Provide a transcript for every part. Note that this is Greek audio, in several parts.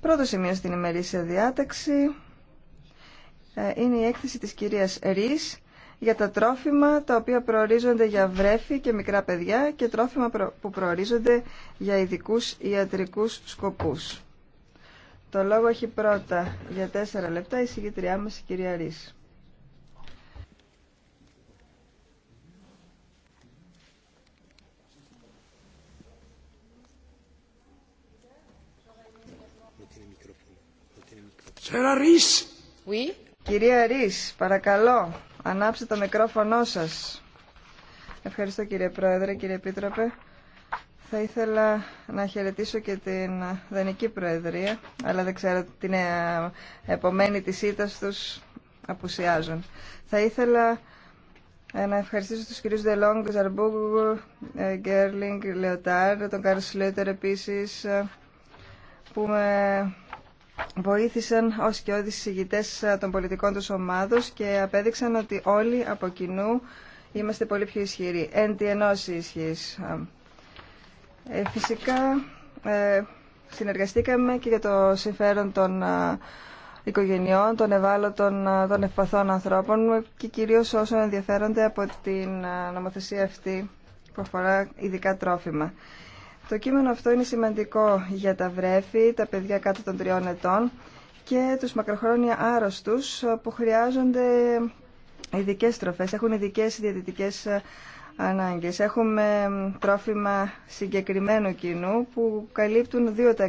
Πρώτο σημείο στην ημερήσια διάταξη ε, είναι η έκθεση της κυρίας Ρης για τα τρόφιμα τα οποία προορίζονται για βρέφη και μικρά παιδιά και τρόφιμα που προορίζονται για ειδικούς ιατρικούς σκοπούς. Το λόγο έχει πρώτα για τέσσερα λεπτά η συγκεκριά μας η κυρία Ρης. Κυρία Ρίς, παρακαλώ, ανάψτε το μικρόφωνο σας. Ευχαριστώ κύριε Πρόεδρε, κύριε Επίτροπε. Θα ήθελα να χαιρετήσω και την Δανική Προεδρία, αλλά δεν ξέρω την επομένη της ήττας τους απουσιάζουν. Θα ήθελα ε, να ευχαριστήσω τους κυρίους Δελόγκ, Ζαρμπούγκου, ε, Γκέρλινγκ, Λεωτάρ, τον Κάρλ Σλέτερ επίσης, ε, που με βοήθησαν ως και όδης συγητές ε, των πολιτικών τους ομάδων και απέδειξαν ότι όλοι από κοινού είμαστε πολύ πιο ισχυροί. Εν τη ενώση ισχύς. Ε, ε, φυσικά συνεργαστήκαμε και για το συμφέρον των οικογενειών, των ευάλωτων, των ευπαθών ανθρώπων και κυρίως όσων ενδιαφέρονται από την νομοθεσία αυτή που αφορά ειδικά τρόφιμα. Το κείμενο αυτό είναι σημαντικό για τα βρέφη, τα παιδιά κάτω των τριών ετών και τους μακροχρόνια άρρωστους που χρειάζονται ειδικές τροφές, έχουν ειδικές διαιτητικές ε, ανάγκες. Έχουμε τρόφιμα συγκεκριμένου κοινού που καλύπτουν 2%,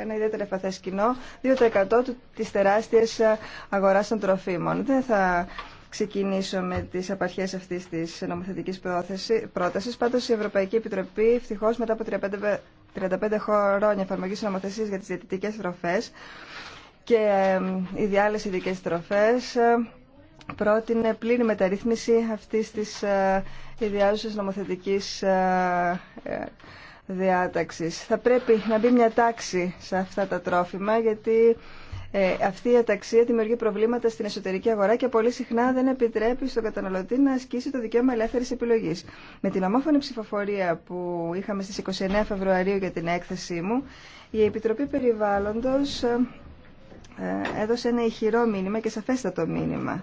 ένα ιδιαίτερα επαθές κοινό, 2% της τεράστιας ε, αγοράς των τροφίμων ξεκινήσω με τις απαρχές αυτής της νομοθετικής πρόταση. Πάντως η Ευρωπαϊκή Επιτροπή ευτυχώ μετά από 35 χρόνια εφαρμογή νομοθεσία για τις διαιτητικέ τροφές και οι διάλε ειδικέ τροφές πρότεινε πλήρη μεταρρύθμιση αυτής της ε, ιδιάζουσας νομοθετικής ε, ε, διάταξης. Θα πρέπει να μπει μια τάξη σε αυτά τα τρόφιμα γιατί ε, αυτή η αταξία δημιουργεί προβλήματα στην εσωτερική αγορά και πολύ συχνά δεν επιτρέπει στον καταναλωτή να ασκήσει το δικαίωμα ελεύθερη επιλογή. Με την ομόφωνη ψηφοφορία που είχαμε στι 29 Φεβρουαρίου για την έκθεσή μου, η Επιτροπή Περιβάλλοντο ε, ε, έδωσε ένα ηχηρό μήνυμα και σαφέστατο μήνυμα.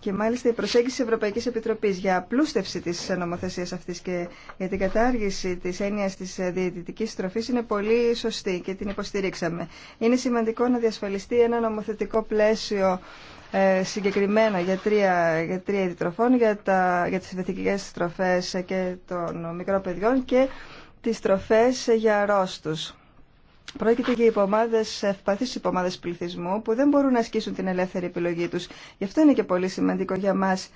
Και μάλιστα η προσέγγιση της Ευρωπαϊκής Επιτροπής για απλούστευση της νομοθεσία αυτής και για την κατάργηση της έννοια τη διαιτητική στροφή είναι πολύ σωστή και την υποστηρίξαμε. Είναι σημαντικό να διασφαλιστεί ένα νομοθετικό πλαίσιο ε, συγκεκριμένα για τρία, για τρία είδη τροφών, για, τα, για τις τροφές και των μικρών παιδιών και τις τροφές για αρρώστους. Πρόκειται για υπομάδες, ευπαθείς υπομάδες πληθυσμού που δεν μπορούν να ασκήσουν την ελεύθερη επιλογή τους. Γι' αυτό είναι και πολύ σημαντικό για μας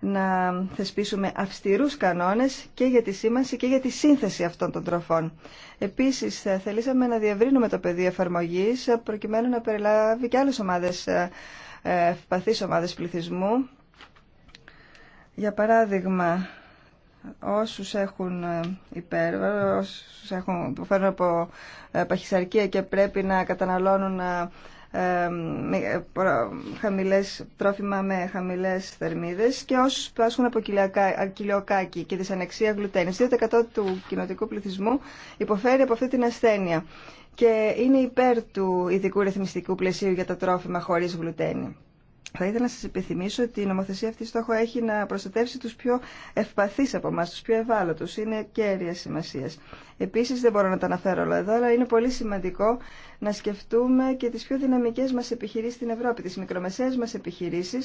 να θεσπίσουμε αυστηρούς κανόνες και για τη σήμανση και για τη σύνθεση αυτών των τροφών. Επίσης, θελήσαμε να διευρύνουμε το πεδίο εφαρμογής προκειμένου να περιλάβει και άλλε ομάδες, ε, ευπαθείς ομάδες πληθυσμού. Για παράδειγμα, όσους έχουν ε, υπέρβαρο, όσους έχουν, από ε, παχυσαρκία και πρέπει να καταναλώνουν ε, χαμηλές τρόφιμα με χαμηλές θερμίδες και όσους πάσχουν από κοιλιοκάκι και δυσανεξία γλουτένης. 2% του κοινοτικού πληθυσμού υποφέρει από αυτή την ασθένεια και είναι υπέρ του ειδικού ρυθμιστικού πλαισίου για τα τρόφιμα χωρίς γλουτένη. Θα ήθελα να σα επιθυμίσω ότι η νομοθεσία αυτή στόχο έχει να προστατεύσει του πιο ευπαθείς από εμά, τους πιο ευάλωτους. Είναι κέρια σημασία. Επίσης δεν μπορώ να τα αναφέρω όλα εδώ, αλλά είναι πολύ σημαντικό να σκεφτούμε και τις πιο δυναμικές μας επιχειρήσεις στην Ευρώπη, τις μικρομεσαίες μας επιχειρήσει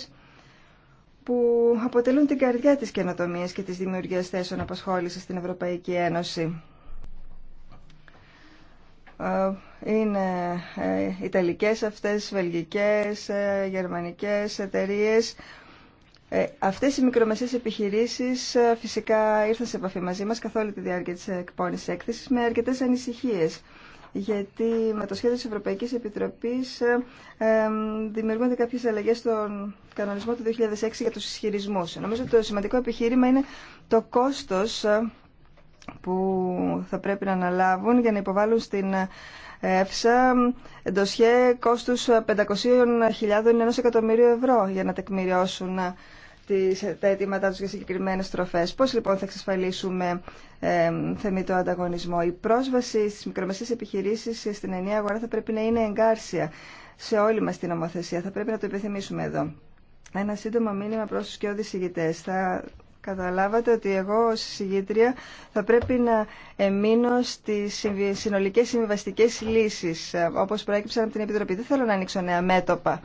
που αποτελούν την καρδιά τη καινοτομία και της δημιουργίας θέσεων απασχόλησης στην Ευρωπαϊκή Ένωση. Ε, είναι ε, ιταλικές αυτές, βελγικές, ε, γερμανικές εταιρείες. Αυτές οι μικρομεσαίες επιχειρήσεις φυσικά ήρθαν σε επαφή μαζί μας καθ' όλη τη διάρκεια της εκπόνησης έκθεσης με αρκετές ανησυχίες γιατί με το σχέδιο της Ευρωπαϊκής Επιτροπής δημιουργούνται κάποιες αλλαγές στον κανονισμό του 2006 για τους ισχυρισμούς. Νομίζω ότι το σημαντικό επιχείρημα είναι το κόστος που θα πρέπει να αναλάβουν για να υποβάλουν στην ΕΦΣΑ εντοσχέ κόστους 500.000 ενός ευρώ για να τεκμηριώσουν τα αιτήματά τους για συγκεκριμένες τροφές. Πώς λοιπόν θα εξασφαλίσουμε ε, θεμητό ανταγωνισμό. Η πρόσβαση στις μικρομεσαίες επιχειρήσεις στην ενιαία αγορά θα πρέπει να είναι εγκάρσια σε όλη μας την νομοθεσία. Θα πρέπει να το επιθυμίσουμε εδώ. Ένα σύντομο μήνυμα προς τους και οδησηγητές. Θα Καταλάβατε ότι εγώ ως συγγήτρια θα πρέπει να εμείνω στις συνολικές συμβιβαστικέ λύσεις, ε, όπως προέκυψαν από την Επιτροπή. Δεν θέλω να ανοίξω νέα μέτωπα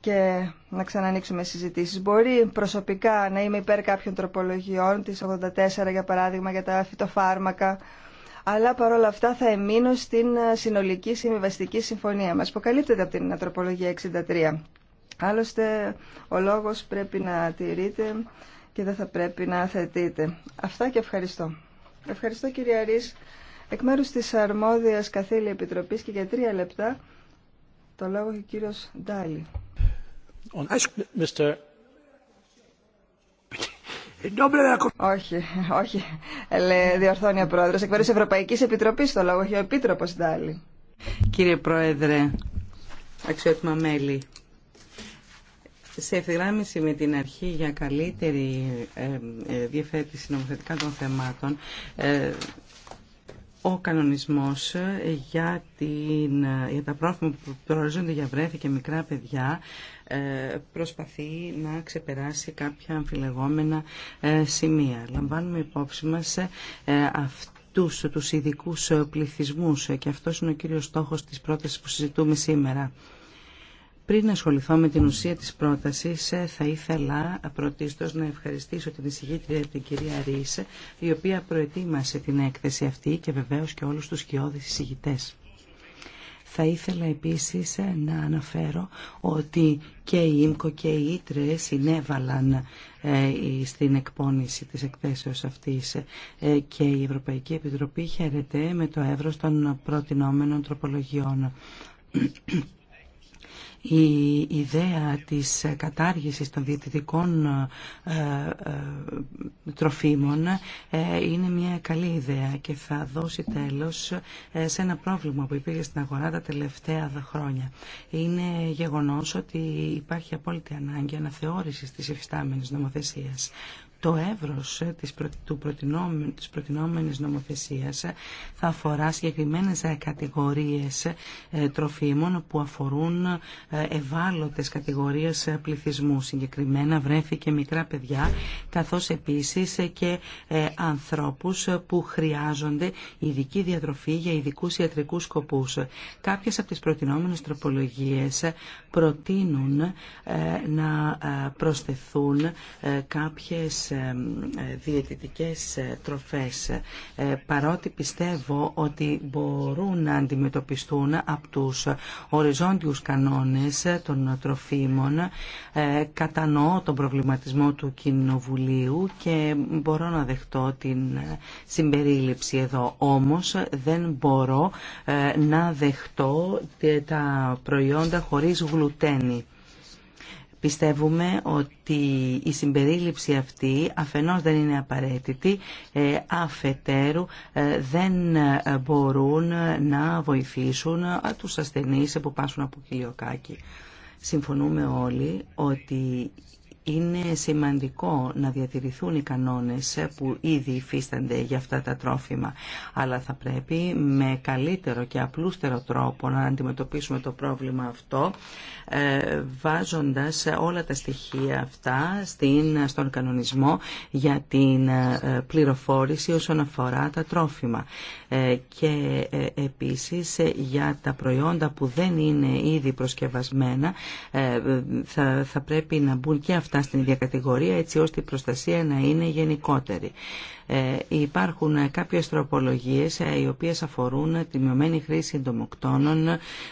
και να ξανανοίξουμε συζητήσεις. Μπορεί προσωπικά να είμαι υπέρ κάποιων τροπολογιών, της 84 για παράδειγμα, για τα φυτοφάρμακα, αλλά παρόλα αυτά θα εμείνω στην ε, συνολική συμβιβαστική συμφωνία μας, που καλύπτεται από την ε, τροπολογία 63. Άλλωστε, ο λόγος πρέπει να τηρείται και δεν θα πρέπει να θετείτε. Αυτά και ευχαριστώ. Ευχαριστώ κύριε Ρης. Εκ μέρους της αρμόδιας καθήλη επιτροπής και για τρία λεπτά το λόγο έχει ο κύριος Ντάλι. Όχι, όχι, ε, διορθώνει ο πρόεδρος. Εκ μέρους της Ευρωπαϊκής Επιτροπής το λόγο έχει ο Επίτροπος Ντάλι. Κύριε Πρόεδρε, αξιότιμα μέλη, σε ευθυγράμμιση με την αρχή για καλύτερη ε, ε, διευθέτηση νομοθετικά των θεμάτων, ε, ο κανονισμός για, την, για τα πρόθυμα που προορίζονται για βρέφη και μικρά παιδιά προσπαθεί να ξεπεράσει κάποια αμφιλεγόμενα σημεία. Λαμβάνουμε υπόψη μας αυτούς τους, τους ειδικούς πληθυσμούς και αυτός είναι ο κύριος στόχος της πρότασης που συζητούμε σήμερα. Πριν ασχοληθώ με την ουσία της πρότασης, ε, θα ήθελα πρωτίστως να ευχαριστήσω την εισηγήτρια την κυρία Ρίσε, η οποία προετοίμασε την έκθεση αυτή και βεβαίως και όλους τους σκιώδεις εισηγητές. Θα ήθελα επίσης ε, να αναφέρω ότι και η ΙΜΚΟ και η ΙΤΡΕ συνέβαλαν ε, στην εκπόνηση της εκθέσεως αυτής και η Ευρωπαϊκή Επιτροπή χαίρεται με το εύρος των προτινόμενων τροπολογιών. Η ιδέα της κατάργησης των διαιτητικών ε, ε, τροφίμων ε, είναι μια καλή ιδέα και θα δώσει τέλος σε ένα πρόβλημα που υπήρχε στην αγορά τα τελευταία χρόνια. Είναι γεγονός ότι υπάρχει απόλυτη ανάγκη αναθεώρησης της υφιστάμενης νομοθεσίας το εύρος ε, της, του προτινόμενης νομοθεσίας ε, θα αφορά συγκεκριμένες ε, κατηγορίες τροφίμων που αφορούν ευάλωτες κατηγορίες πληθυσμού. Συγκεκριμένα βρέθηκε και μικρά παιδιά, καθώς επίσης και ανθρώπους που χρειάζονται ειδική διατροφή για ειδικού ιατρικούς σκοπούς. Κάποιες από τις προτινόμενες τροπολογίες προτείνουν να προσθεθούν κάποιες διαιτητικές ε, τροφές ε, παρότι πιστεύω ότι μπορούν να αντιμετωπιστούν από τους οριζόντιους κανόνες των τροφίμων ε, κατανοώ τον προβληματισμό του Κοινοβουλίου και μπορώ να δεχτώ την συμπερίληψη εδώ όμως δεν μπορώ να δεχτώ τα προϊόντα χωρίς γλουτένι Πιστεύουμε ότι η συμπερίληψη αυτή αφενός δεν είναι απαραίτητη, ε, αφετέρου ε, δεν ε, μπορούν να βοηθήσουν τους ασθενείς που πάσουν από κοιλιοκάκι. Συμφωνούμε όλοι ότι είναι σημαντικό να διατηρηθούν οι κανόνες που ήδη υφίστανται για αυτά τα τρόφιμα. Αλλά θα πρέπει με καλύτερο και απλούστερο τρόπο να αντιμετωπίσουμε το πρόβλημα αυτό ε, βάζοντας όλα τα στοιχεία αυτά στον κανονισμό για την ε, πληροφόρηση όσον αφορά τα τρόφιμα. Ε, και επίσης για τα προϊόντα που δεν είναι ήδη προσκευασμένα θα πρέπει να μπουν και αυτά στην ίδια κατηγορία έτσι ώστε η προστασία να είναι γενικότερη. Ε, υπάρχουν κάποιες τροπολογίες ε, οι οποίες αφορούν τη μειωμένη χρήση εντομοκτώνων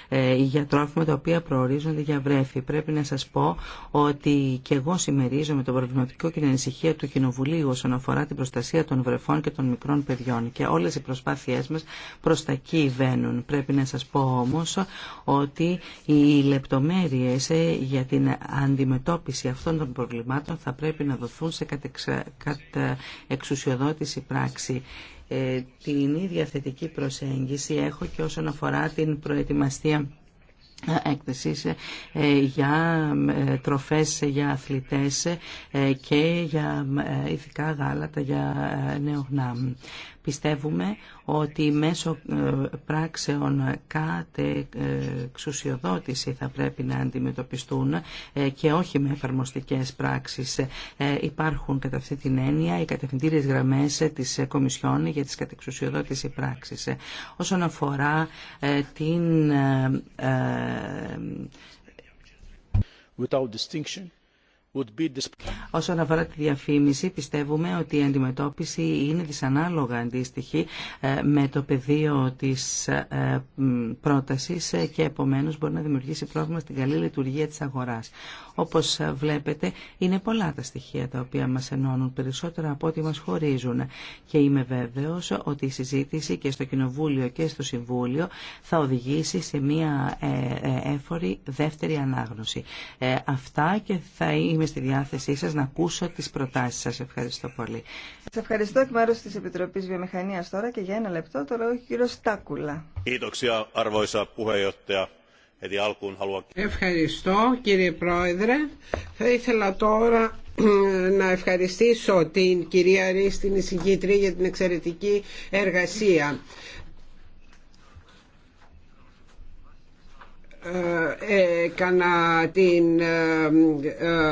ε, για τρόφιμα τα οποία προορίζονται για βρέφη. Πρέπει να σας πω ότι και εγώ συμμερίζομαι το προβληματικό και την ανησυχία του Κοινοβουλίου όσον αφορά την προστασία των βρεφών και των μικρών παιδιών και όλες οι προσπάθειές μας προς τα εκεί Πρέπει να σας πω όμως ότι οι λεπτομέρειες για την αντιμετώπιση αυτών των προβλημάτων θα πρέπει να δοθούν σε εξουσιοδότηση πράξη. Ε, την ίδια θετική προσέγγιση έχω και όσον αφορά την προετοιμαστία ε, έκθεσης ε, για τροφές για αθλητές και για ηθικά γάλατα για νεογνάμ. Πιστεύουμε ότι μέσω ε, πράξεων κάτε ε, εξουσιοδότηση θα πρέπει να αντιμετωπιστούν ε, και όχι με εφαρμοστικές πράξεις. Υπάρχουν κατά αυτή την έννοια οι κατευθυντήριες γραμμές της Κομισιόν για τις κατεξουσιοδότηση πράξεις. Όσον αφορά την Without Όσον αφορά τη διαφήμιση, πιστεύουμε ότι η αντιμετώπιση είναι δυσανάλογα αντίστοιχη ε, με το πεδίο της ε, πρότασης ε, και επομένως μπορεί να δημιουργήσει πρόβλημα στην καλή λειτουργία της αγοράς. Όπως βλέπετε είναι πολλά τα στοιχεία τα οποία μας ενώνουν περισσότερα από ό,τι μας χωρίζουν και είμαι βέβαιος ότι η συζήτηση και στο Κοινοβούλιο και στο Συμβούλιο θα οδηγήσει σε μια ε, ε, έφορη δεύτερη ανάγνωση. Ε, αυτά και θα είμαι στη διάθεσή σας να ακούσω τις προτάσεις σας. Ευχαριστώ πολύ. Σας ευχαριστώ εκ μέρους της Επιτροπής Βιομηχανίας τώρα και για ένα λεπτό το λόγο κύριο Στάκουλα. Kiitoksia arvoisa Ευχαριστώ κύριε Πρόεδρε. Θα ήθελα τώρα ε, να ευχαριστήσω την κυρία Ρή στην για την εξαιρετική εργασία. Ε, έκανα την ε,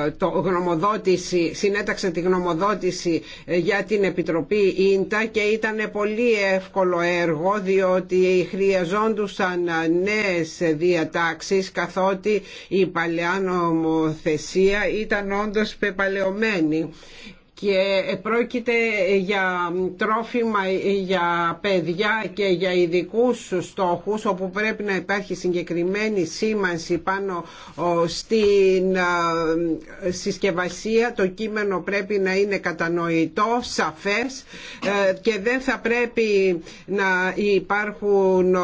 ε, το γνωμοδότηση, συνέταξε τη γνωμοδότηση για την Επιτροπή Ίντα και ήταν πολύ εύκολο έργο διότι χρειαζόντουσαν νέες διατάξεις καθότι η παλαιά νομοθεσία ήταν όντως πεπαλαιωμένη και πρόκειται για τρόφιμα για παιδιά και για ειδικού στόχους όπου πρέπει να υπάρχει συγκεκριμένη σήμανση πάνω στην συσκευασία το κείμενο πρέπει να είναι κατανοητό, σαφές ε, και δεν θα πρέπει να υπάρχουν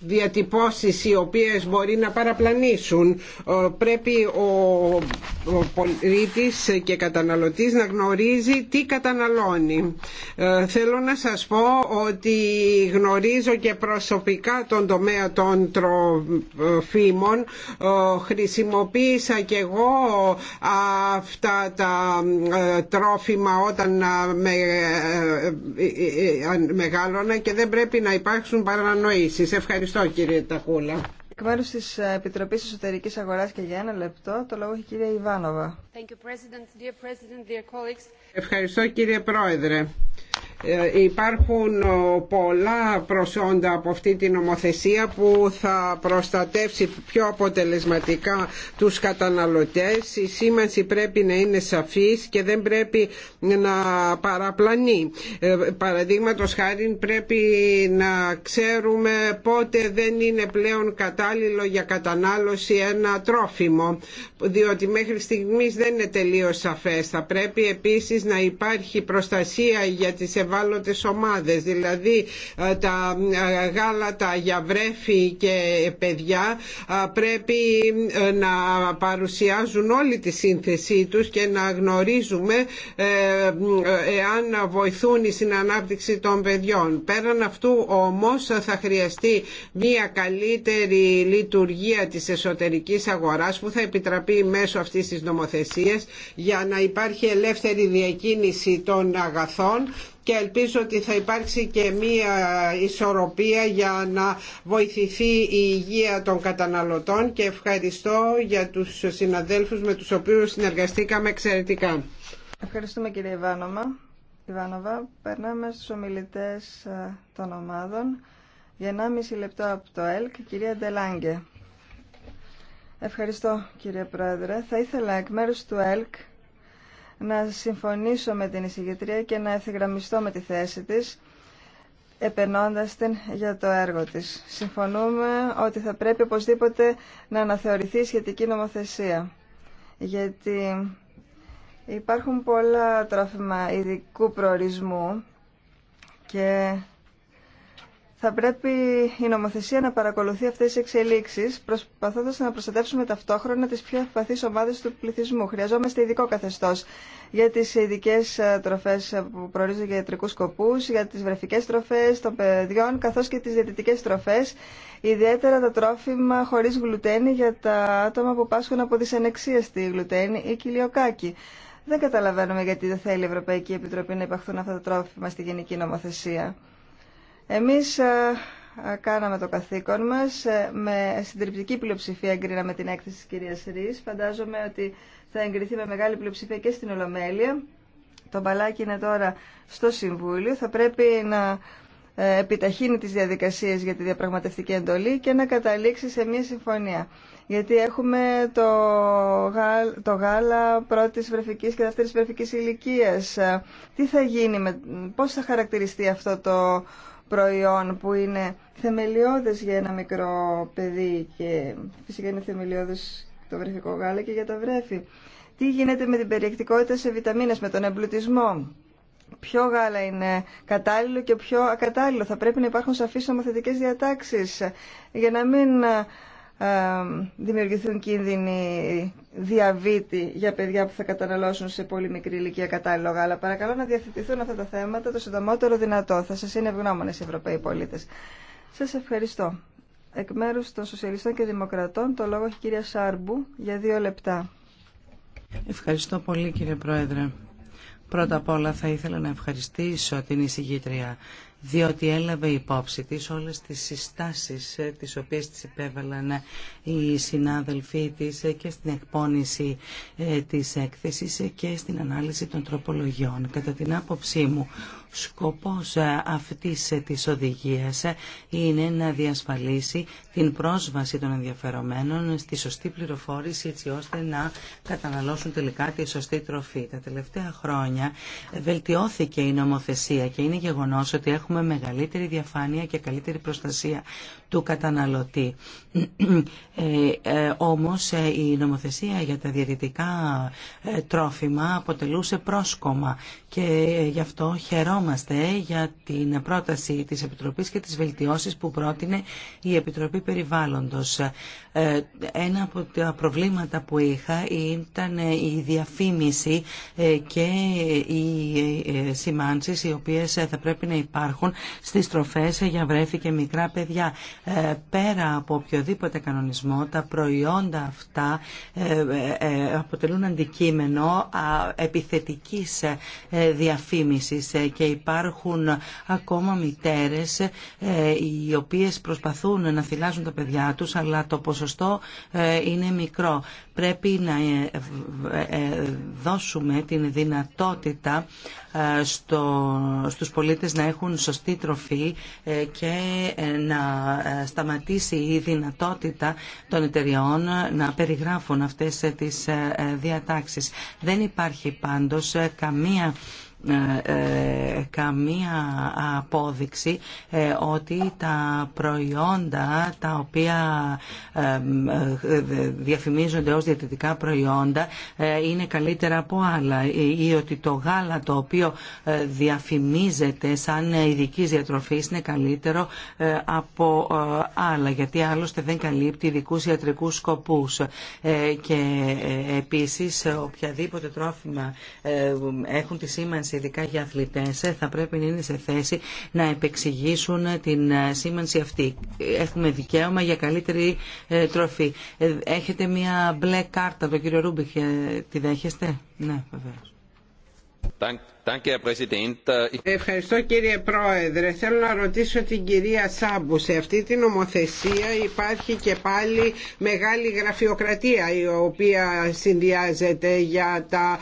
διατυπώσεις οι οποίες μπορεί να παραπλανήσουν πρέπει ο πολίτης και καταναλωτής να γνωρίζει τι καταναλώνει. Θέλω να σας πω ότι γνωρίζω και προσωπικά τον τομέα των τροφίμων. Χρησιμοποίησα και εγώ αυτά τα τρόφιμα όταν μεγάλωνα και δεν πρέπει να υπάρξουν παρανοήσεις. Ευχαριστώ κύριε Ταχούλα. Εκ μέρου τη Επιτροπή Εσωτερική Αγορά και για ένα λεπτό, το λόγο έχει η κυρία Ιβάνοβα. Ευχαριστώ κύριε Πρόεδρε. Ε, υπάρχουν πολλά προσόντα από αυτή την νομοθεσία που θα προστατεύσει πιο αποτελεσματικά τους καταναλωτές. Η σήμανση πρέπει να είναι σαφής και δεν πρέπει να παραπλανεί. Ε, Παραδείγματο χάρη πρέπει να ξέρουμε πότε δεν είναι πλέον κατάλληλο για κατανάλωση ένα τρόφιμο διότι μέχρι στιγμής δεν είναι τελείως σαφές. Θα πρέπει επίσης να υπάρχει προστασία για τις ευάλωτες ομάδες δηλαδή ε, τα ε, γάλατα για βρέφη και παιδιά ε, πρέπει να παρουσιάζουν όλη τη σύνθεσή τους και να γνωρίζουμε εάν βοηθούν στην ανάπτυξη των παιδιών. Πέραν αυτού όμως θα χρειαστεί μια καλύτερη λειτουργία της εσωτερικής αγοράς που θα επιτραπεί μέσω αυτής της νομοθεσίας για να υπάρχει ελεύθερη διακίνηση των αγαθών και ελπίζω ότι θα υπάρξει και μία ισορροπία για να βοηθηθεί η υγεία των καταναλωτών και ευχαριστώ για τους συναδέλφους με τους οποίους συνεργαστήκαμε εξαιρετικά. Ευχαριστούμε κύριε Ιβάνομα. Ιβάνοβα. Περνάμε στους ομιλητές ε, των ομάδων. Για 1,5 λεπτό από το ΕΛΚ, κυρία Ντελάγκε. Ευχαριστώ κύριε Πρόεδρε. Θα ήθελα εκ μέρους του ΕΛΚ να συμφωνήσω με την εισηγητρία και να ευθυγραμμιστώ με τη θέση της, επενώντας την για το έργο της. Συμφωνούμε ότι θα πρέπει οπωσδήποτε να αναθεωρηθεί η σχετική νομοθεσία, γιατί υπάρχουν πολλά τρόφιμα ειδικού προορισμού και θα πρέπει η νομοθεσία να παρακολουθεί αυτές τις εξελίξεις, προσπαθώντας να προστατεύσουμε ταυτόχρονα τις πιο ευπαθείς ομάδες του πληθυσμού. Χρειαζόμαστε ειδικό καθεστώς για τις ειδικέ ε, τροφές που προορίζονται για ιατρικούς σκοπούς, για τις βρεφικές τροφές των παιδιών, καθώς και τις διαιτητικές τροφές, ιδιαίτερα τα τρόφιμα χωρίς γλουτένη για τα άτομα που πάσχουν από δυσανεξία στη γλουτένη ή κοιλιοκάκι. Δεν καταλαβαίνουμε γιατί δεν θέλει η Ευρωπαϊκή Επιτροπή να υπαχθούν αυτά τα τρόφιμα στη Γενική Νομοθεσία. Εμείς ε, ε, κάναμε το καθήκον μας. Ε, με συντριπτική πλειοψηφία εγκρίναμε την έκθεση της κυρίας Ρης. Φαντάζομαι ότι θα εγκριθεί με μεγάλη πλειοψηφία και στην Ολομέλεια. Το μπαλάκι είναι τώρα στο Συμβούλιο. Θα πρέπει να επιταχύνει τις διαδικασίες για τη διαπραγματευτική εντολή και να καταλήξει σε μια συμφωνία. Γιατί έχουμε το, γάλα, το γάλα πρώτης βρεφικής και δεύτερης βρεφικής ηλικίας. Τι θα γίνει, με, πώς θα χαρακτηριστεί αυτό το προϊόν που είναι θεμελιώδες για ένα μικρό παιδί και φυσικά είναι θεμελιώδες το βρεφικό γάλα και για τα βρέφη. Τι γίνεται με την περιεκτικότητα σε βιταμίνες, με τον εμπλουτισμό. Ποιο γάλα είναι κατάλληλο και ποιο ακατάλληλο. Θα πρέπει να υπάρχουν σαφείς νομοθετικές διατάξεις για να μην δημιουργηθούν κίνδυνοι διαβήτη για παιδιά που θα καταναλώσουν σε πολύ μικρή ηλικία κατάλληλο Αλλά παρακαλώ να διαθετηθούν αυτά τα θέματα το συντομότερο δυνατό. Θα σας είναι ευγνώμονε οι Ευρωπαίοι πολίτες. Σας ευχαριστώ. Εκ μέρου των Σοσιαλιστών και Δημοκρατών, το λόγο έχει η κυρία Σάρμπου για δύο λεπτά. Ευχαριστώ πολύ κύριε Πρόεδρε. Πρώτα απ' όλα θα ήθελα να ευχαριστήσω την εισηγήτρια διότι έλαβε υπόψη της όλες τις συστάσεις ε, τις οποίες τις υπέβαλαν ε, οι συνάδελφοί της ε, και στην εκπόνηση της έκθεσης και στην ανάλυση των τροπολογιών. Κατά την άποψή μου, Σκοπός ε, αυτής ε, της οδηγίας ε, είναι να διασφαλίσει την πρόσβαση των ενδιαφερομένων στη σωστή πληροφόρηση έτσι ώστε να καταναλώσουν τελικά τη σωστή τροφή. Τα τελευταία χρόνια βελτιώθηκε η νομοθεσία και είναι γεγονός ότι έχουμε μεγαλύτερη διαφάνεια και καλύτερη προστασία του καταναλωτή. Ε, όμως η νομοθεσία για τα διαιτητικά τρόφιμα αποτελούσε πρόσκομα και γι' αυτό Χαιρόμαστε για την πρόταση της Επιτροπής και τις βελτιώσεις που πρότεινε η Επιτροπή Περιβάλλοντος. Ε, ένα από τα προβλήματα που είχα ήταν η διαφήμιση ε, και οι ε, σημάνσεις οι οποίες θα πρέπει να υπάρχουν στις τροφές για βρέφη και μικρά παιδιά. Πέρα από οποιοδήποτε κανονισμό, τα προϊόντα αυτά αποτελούν αντικείμενο επιθετικής διαφήμισης υπάρχουν ακόμα μητέρες ε, οι οποίες προσπαθούν να θυλάζουν τα παιδιά τους αλλά το ποσοστό ε, είναι μικρό. Πρέπει να ε, δώσουμε την δυνατότητα στους πολίτες να έχουν σωστή τροφή και να σταματήσει η δυνατότητα των εταιριών να περιγράφουν αυτές τις διατάξεις. Δεν υπάρχει πάντως καμία ε, ε, καμία απόδειξη ε, ότι τα προϊόντα τα οποία διαφημίζονται ως διατηρητικά προϊόντα είναι καλύτερα από άλλα ή ότι το γάλα το οποίο διαφημίζεται σαν ειδική διατροφή είναι καλύτερο από άλλα γιατί άλλωστε δεν καλύπτει ειδικού ιατρικούς σκοπούς και επίσης οποιαδήποτε τρόφιμα έχουν τη σήμανση ειδικά για αθλητές ε, θα πρέπει να είναι σε θέση να επεξηγήσουν την ε, σήμανση αυτή. Έχουμε δικαίωμα για καλύτερη ε, τροφή. Έχετε μια μπλε κάρτα, τον κύριο Ρούμπιχ, τη δέχεστε. Ναι, βεβαίως. Äh, Ευχαριστώ κύριε Πρόεδρε. Θέλω να ρωτήσω την κυρία Σάμπου. Σε αυτή την νομοθεσία υπάρχει και πάλι μεγάλη γραφειοκρατία η οποία συνδυάζεται για τα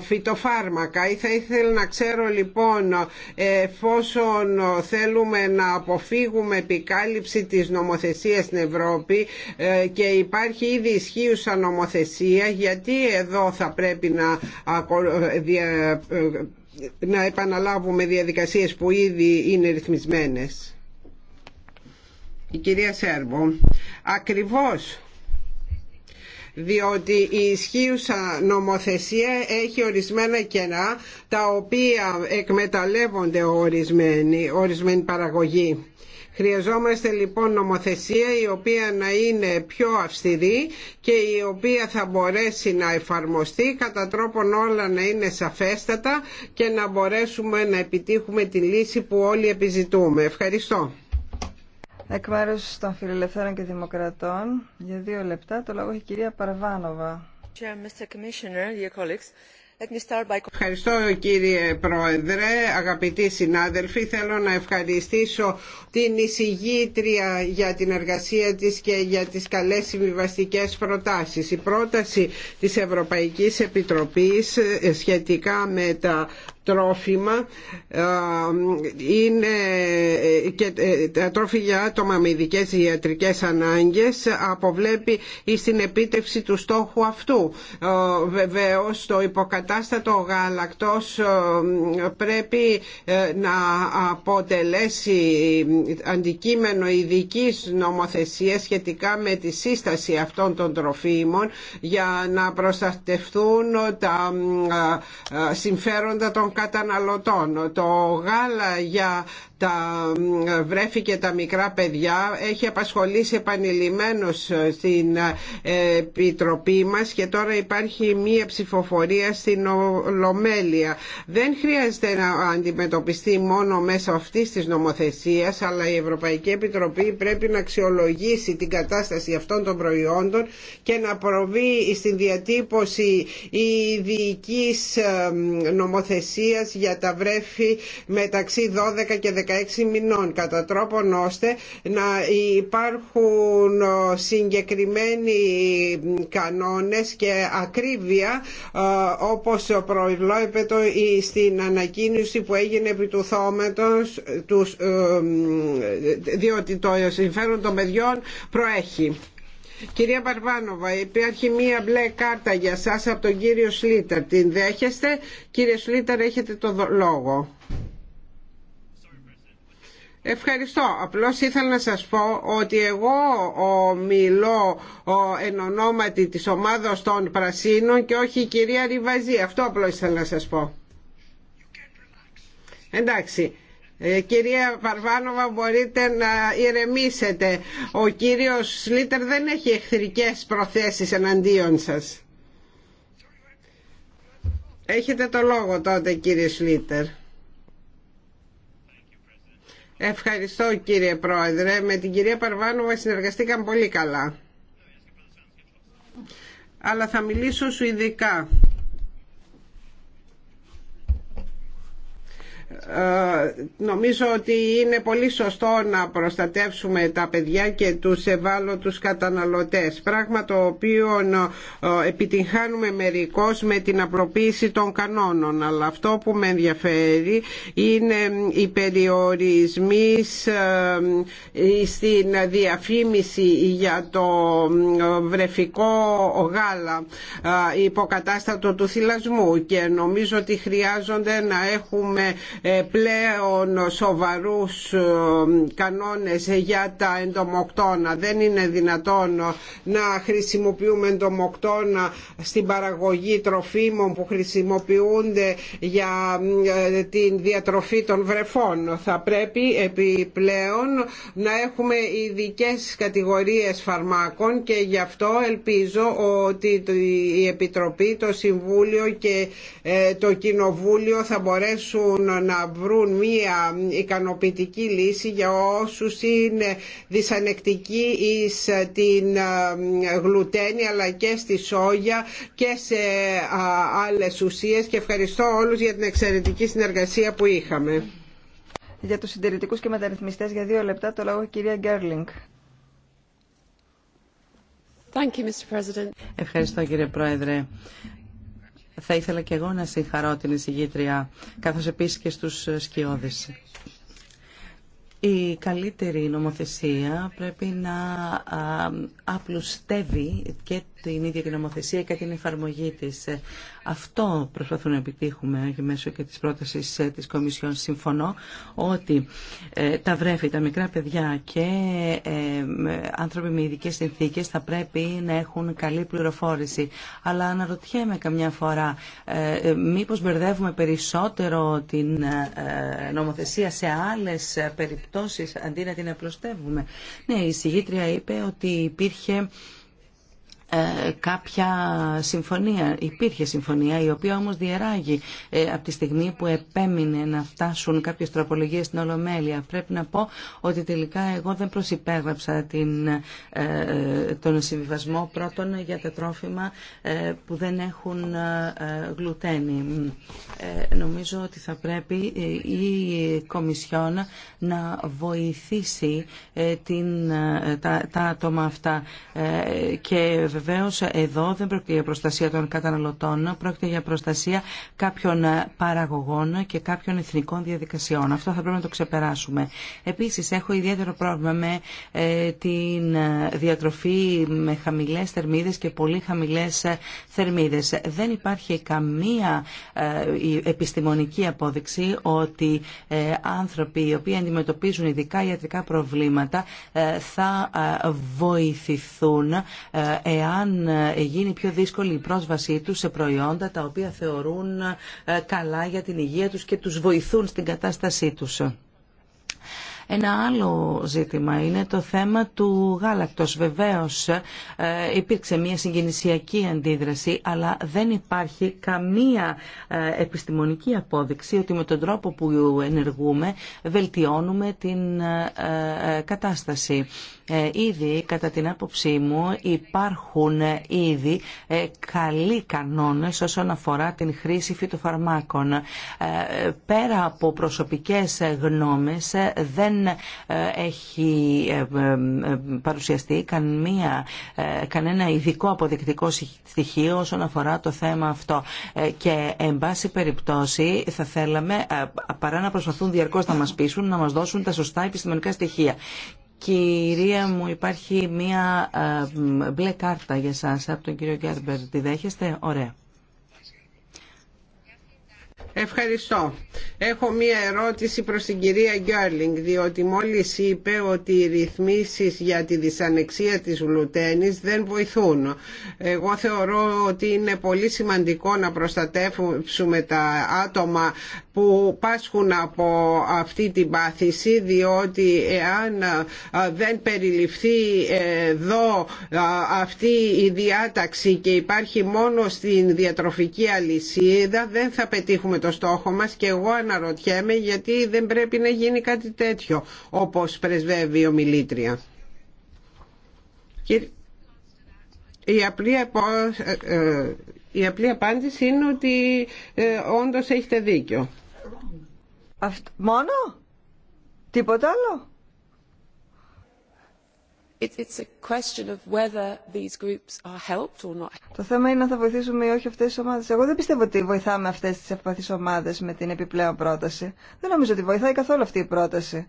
φυτοφάρμακα. θα ήθελα να ξέρω λοιπόν εφόσον θέλουμε να αποφύγουμε επικάλυψη της νομοθεσίας στην Ευρώπη ε, και υπάρχει ήδη ισχύουσα νομοθεσία γιατί εδώ θα πρέπει να ε, ε, να επαναλάβουμε διαδικασίες που ήδη είναι ρυθμισμένες. Η κυρία Σέρβο, ακριβώς διότι η ισχύουσα νομοθεσία έχει ορισμένα κενά τα οποία εκμεταλλεύονται ορισμένη ορισμένη παραγωγή Χρειαζόμαστε λοιπόν νομοθεσία η οποία να είναι πιο αυστηρή και η οποία θα μπορέσει να εφαρμοστεί κατά τρόπον όλα να είναι σαφέστατα και να μπορέσουμε να επιτύχουμε τη λύση που όλοι επιζητούμε. Ευχαριστώ. Εκ των Φιλελευθέρων και Δημοκρατών, για δύο λεπτά, το λόγο η κυρία Παρβάνοβα. Ευχαριστώ κύριε Πρόεδρε, αγαπητοί συνάδελφοι. Θέλω να ευχαριστήσω την εισηγήτρια για την εργασία της και για τις καλές συμβιβαστικέ προτάσεις. Η πρόταση της Ευρωπαϊκής Επιτροπής ε, σχετικά με τα τρόφιμα ε, είναι ε, και ε, τα τρόφιμα για άτομα με ειδικέ ιατρικές ανάγκες αποβλέπει στην επίτευξη του στόχου αυτού. Βεβαίω το υποκατάστατο γάλακτος πρέπει να αποτελέσει αντικείμενο ειδική νομοθεσία σχετικά με τη σύσταση αυτών των τροφίμων για να προστατευτούν τα συμφέροντα των καταναλωτών. Το γάλα για τα βρέφη και τα μικρά παιδιά έχει απασχολήσει επανειλημμένως στην ε, Επιτροπή μας και τώρα υπάρχει μία ψηφοφορία στην Ολομέλεια. Δεν χρειάζεται να αντιμετωπιστεί μόνο μέσα αυτή της νομοθεσίας αλλά η Ευρωπαϊκή Επιτροπή πρέπει να αξιολογήσει την κατάσταση αυτών των προϊόντων και να προβεί στην διατύπωση ειδική ε, νομοθεσία για τα βρέφη μεταξύ 12 και 16 μηνών κατά τρόπον ώστε να υπάρχουν ε, συγκεκριμένοι κανόνες και ακρίβεια ε, όπως προβλέπεται στην ανακοίνωση που έγινε επί του ε, τους, διότι το συμφέρον των παιδιών προέχει. Κυρία Παρβάνοβα, υπάρχει μία μπλε κάρτα για σας από τον κύριο Σλίτερ. Την δέχεστε. Κύριε Σλίτερ, έχετε το λόγο. Ευχαριστώ. Απλώς ήθελα να σας πω ότι εγώ ο, μιλώ ο, εν ονόματι της ομάδος των Πρασίνων και όχι η κυρία Ριβαζή. Αυτό απλώς ήθελα να σας πω. Εντάξει. Ε, κυρία Παρβάνοβα μπορείτε να ηρεμήσετε. Ο κύριος Σλίτερ δεν έχει εχθρικές προθέσεις εναντίον σας. Έχετε το λόγο τότε κύριε Σλίτερ. Ευχαριστώ κύριε Πρόεδρε. Με την κυρία Παρβάνοβα συνεργαστήκαμε πολύ καλά. Αλλά θα μιλήσω σου ειδικά. Ε, νομίζω ότι είναι πολύ σωστό να προστατεύσουμε τα παιδιά και τους ευάλωτους καταναλωτές πράγμα το οποίο ε, επιτυγχάνουμε μερικώς με την απλοποίηση των κανόνων αλλά αυτό που με ενδιαφέρει είναι ε, οι περιορισμοί στην διαφήμιση για το βρεφικό γάλα υποκατάστατο του θυλασμού και νομίζω ότι χρειάζονται να έχουμε ε, πλέον σοβαρούς ε, κανόνες για τα εντομοκτώνα. Δεν είναι δυνατόν να χρησιμοποιούμε εντομοκτώνα στην παραγωγή τροφίμων που χρησιμοποιούνται για ε, την διατροφή των βρεφών. Θα πρέπει επιπλέον να έχουμε ειδικέ κατηγορίες φαρμάκων και γι' αυτό ελπίζω ότι η Επιτροπή, το Συμβούλιο και το Κοινοβούλιο θα μπορέσουν να βρουν μία ικανοποιητική λύση για όσους είναι δυσανεκτικοί εις ε, την ε, γλουτένη αλλά και στη σόγια και σε άλλες ουσίες και ευχαριστώ όλους για την εξαιρετική συνεργασία που είχαμε. Για τους συντηρητικούς και μεταρρυθμιστές για δύο λεπτά το λόγο κυρία Γκέρλινγκ. Thank you, Mr. President. Ευχαριστώ κύριε Πρόεδρε. Θα ήθελα και εγώ να συγχαρώ την εισηγήτρια, καθώς επίσης και στους σκιώδες. Η καλύτερη νομοθεσία πρέπει να απλουστεύει και την ίδια την νομοθεσία και την εφαρμογή τη. Αυτό προσπαθούμε να επιτύχουμε και μέσω και της πρότασης ε, της Κομισιόν. Συμφωνώ ότι ε, τα βρέφη, τα μικρά παιδιά και ε, άνθρωποι με ειδικέ συνθήκε θα πρέπει να έχουν καλή πληροφόρηση. Αλλά αναρωτιέμαι καμιά φορά μήπως μπερδεύουμε περισσότερο την νομοθεσία σε άλλες περιπτώσει αντί να την απλωστεύουμε. Ναι, η συγγήτρια είπε ότι υπήρχε ε, κάποια συμφωνία. Υπήρχε συμφωνία η οποία όμως διεράγει ε, από τη στιγμή που επέμεινε να φτάσουν κάποιες τροπολογίες στην Ολομέλεια. Πρέπει να πω ότι τελικά εγώ δεν προσυπέγραψα την, ε, τον συμβιβασμό πρώτον για τα τρόφιμα που δεν έχουν γλουτένι. νομίζω ότι θα πρέπει η Κομισιόν να βοηθήσει την, τα, τα άτομα αυτά και Βεβαίω εδώ δεν πρόκειται για προστασία των καταναλωτών, πρόκειται για προστασία κάποιων παραγωγών και κάποιων εθνικών διαδικασιών. Αυτό θα πρέπει να το ξεπεράσουμε. Επίσης έχω ιδιαίτερο πρόβλημα με ε, την διατροφή με χαμηλέ θερμίδε και πολύ χαμηλέ ε, θερμίδε. Δεν υπάρχει καμία ε, επιστημονική απόδειξη ότι άνθρωποι οι οποίοι αντιμετωπίζουν ειδικά ιατρικά προβλήματα θα βοηθηθούν αν ε, γίνει πιο δύσκολη η πρόσβασή τους σε προϊόντα τα οποία θεωρούν ε, καλά για την υγεία τους και τους βοηθούν στην κατάστασή τους. Ένα άλλο ζήτημα είναι το θέμα του γάλακτος. Βεβαίως ε, υπήρξε μια συγκινησιακή αντίδραση, αλλά δεν υπάρχει καμία ε, επιστημονική απόδειξη ότι με τον τρόπο που ενεργούμε βελτιώνουμε την ε, κατάσταση. Ήδη, κατά την άποψή μου, υπάρχουν ήδη καλοί κανόνες όσον αφορά την χρήση φυτοφαρμάκων. Πέρα από προσωπικές γνώμες, δεν δεν ε, έχει ε, ε, παρουσιαστεί καμία, κανένα ειδικό αποδεικτικό στοιχείο όσον αφορά το θέμα αυτό. Και εν πάση περιπτώσει θα θέλαμε παρά να προσπαθούν διαρκώς να μας πείσουν, να μας δώσουν τα σωστά επιστημονικά στοιχεία. Κυρία μου, υπάρχει μία μπλε κάρτα για σας από τον κύριο Γκέρμπερ. Τη δέχεστε? Ωραία. Ευχαριστώ. Έχω μία ερώτηση προς την κυρία Γκέρλινγκ διότι μόλις είπε ότι οι ρυθμίσεις για τη δυσανεξία της γλουτένης δεν βοηθούν. Εγώ θεωρώ ότι είναι πολύ σημαντικό να προστατεύσουμε τα άτομα που πάσχουν από αυτή την πάθηση διότι εάν δεν περιληφθεί ε, εδώ αυτή η διάταξη και υπάρχει μόνο στην διατροφική αλυσίδα δεν θα πετύχουμε το στόχο μας και εγώ αναρωτιέμαι γιατί δεν πρέπει να γίνει κάτι τέτοιο όπως πρεσβεύει η ομιλήτρια. Η απλή, ε, ε, η απλή απάντηση είναι ότι ε, όντως έχετε δίκιο. Αυτ... Μόνο? Τίποτα άλλο? Το θέμα είναι αν θα βοηθήσουμε ή όχι αυτές τις ομάδες. Εγώ δεν πιστεύω ότι βοηθάμε αυτές τις ευπαθείς ομάδες με την επιπλέον πρόταση. Δεν νομίζω ότι βοηθάει καθόλου αυτή η πρόταση.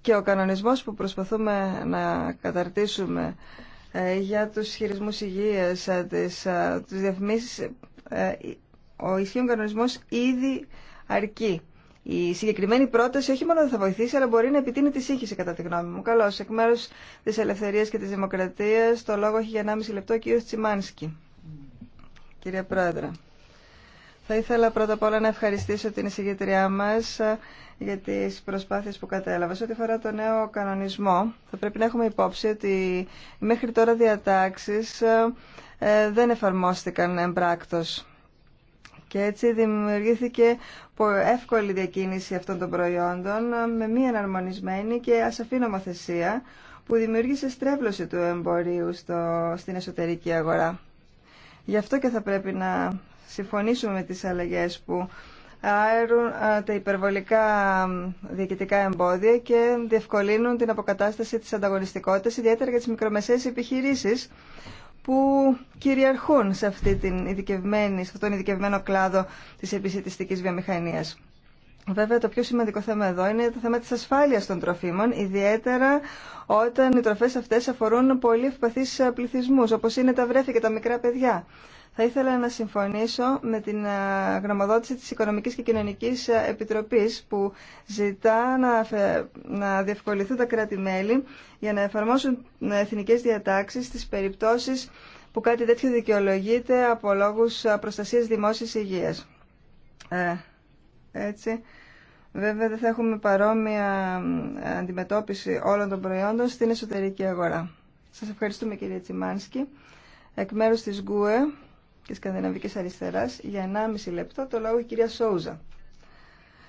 Και ο κανονισμός που προσπαθούμε να καταρτήσουμε ε, για τους χειρισμούς υγείας, ε, τις, ε, τους διαφημίσεις, ο ισχύων κανονισμός ήδη αρκεί. Η συγκεκριμένη πρόταση όχι μόνο δεν θα βοηθήσει, αλλά μπορεί να επιτείνει τη σύγχυση κατά τη γνώμη μου. Καλώ. Εκ μέρου τη Ελευθερία και τη Δημοκρατία, το λόγο έχει για 1,5 λεπτό ο κ. Τσιμάνσκι. Κυρία Πρόεδρε. Θα ήθελα πρώτα απ' όλα να ευχαριστήσω την εισηγήτριά μα ε, για τι προσπάθειε που κατέλαβα. Σε ό,τι αφορά το νέο κανονισμό, θα πρέπει να έχουμε υπόψη ότι μέχρι τώρα διατάξεις ε, ε, δεν εφαρμόστηκαν εμπράκτο και έτσι δημιουργήθηκε εύκολη διακίνηση αυτών των προϊόντων με μία εναρμονισμένη και ασαφή νομοθεσία που δημιούργησε στρέβλωση του εμπορίου στο, στην εσωτερική αγορά. Γι' αυτό και θα πρέπει να συμφωνήσουμε με τις αλλαγές που αέρουν τα υπερβολικά διοικητικά εμπόδια και διευκολύνουν την αποκατάσταση της ανταγωνιστικότητας, ιδιαίτερα για τις μικρομεσαίες επιχειρήσεις που κυριαρχούν σε, αυτή την ειδικευμένη, σε αυτόν τον ειδικευμένο κλάδο της επισητιστικής βιομηχανίας. Βέβαια το πιο σημαντικό θέμα εδώ είναι το θέμα της ασφάλειας των τροφίμων, ιδιαίτερα όταν οι τροφές αυτές αφορούν πολύ ευπαθείς πληθυσμούς, όπως είναι τα βρέφη και τα μικρά παιδιά. Θα ήθελα να συμφωνήσω με την ε, γνωμοδότηση της Οικονομικής και Κοινωνικής ε, Επιτροπής που ζητά να, να διευκολυθούν τα κράτη-μέλη για να εφαρμόσουν ε, εθνικές διατάξεις στις περιπτώσεις που κάτι τέτοιο δικαιολογείται από λόγους προστασίας δημόσιας υγείας. έτσι. Βέβαια δεν θα έχουμε παρόμοια αντιμετώπιση όλων των προϊόντων στην εσωτερική αγορά. Σας ευχαριστούμε κύριε Τσιμάνσκι. Εκ μέρους της ΓΚΟΕ και Σκανδιναβικής Αριστεράς για 1,5 λεπτό το λόγο η κυρία Σόουζα.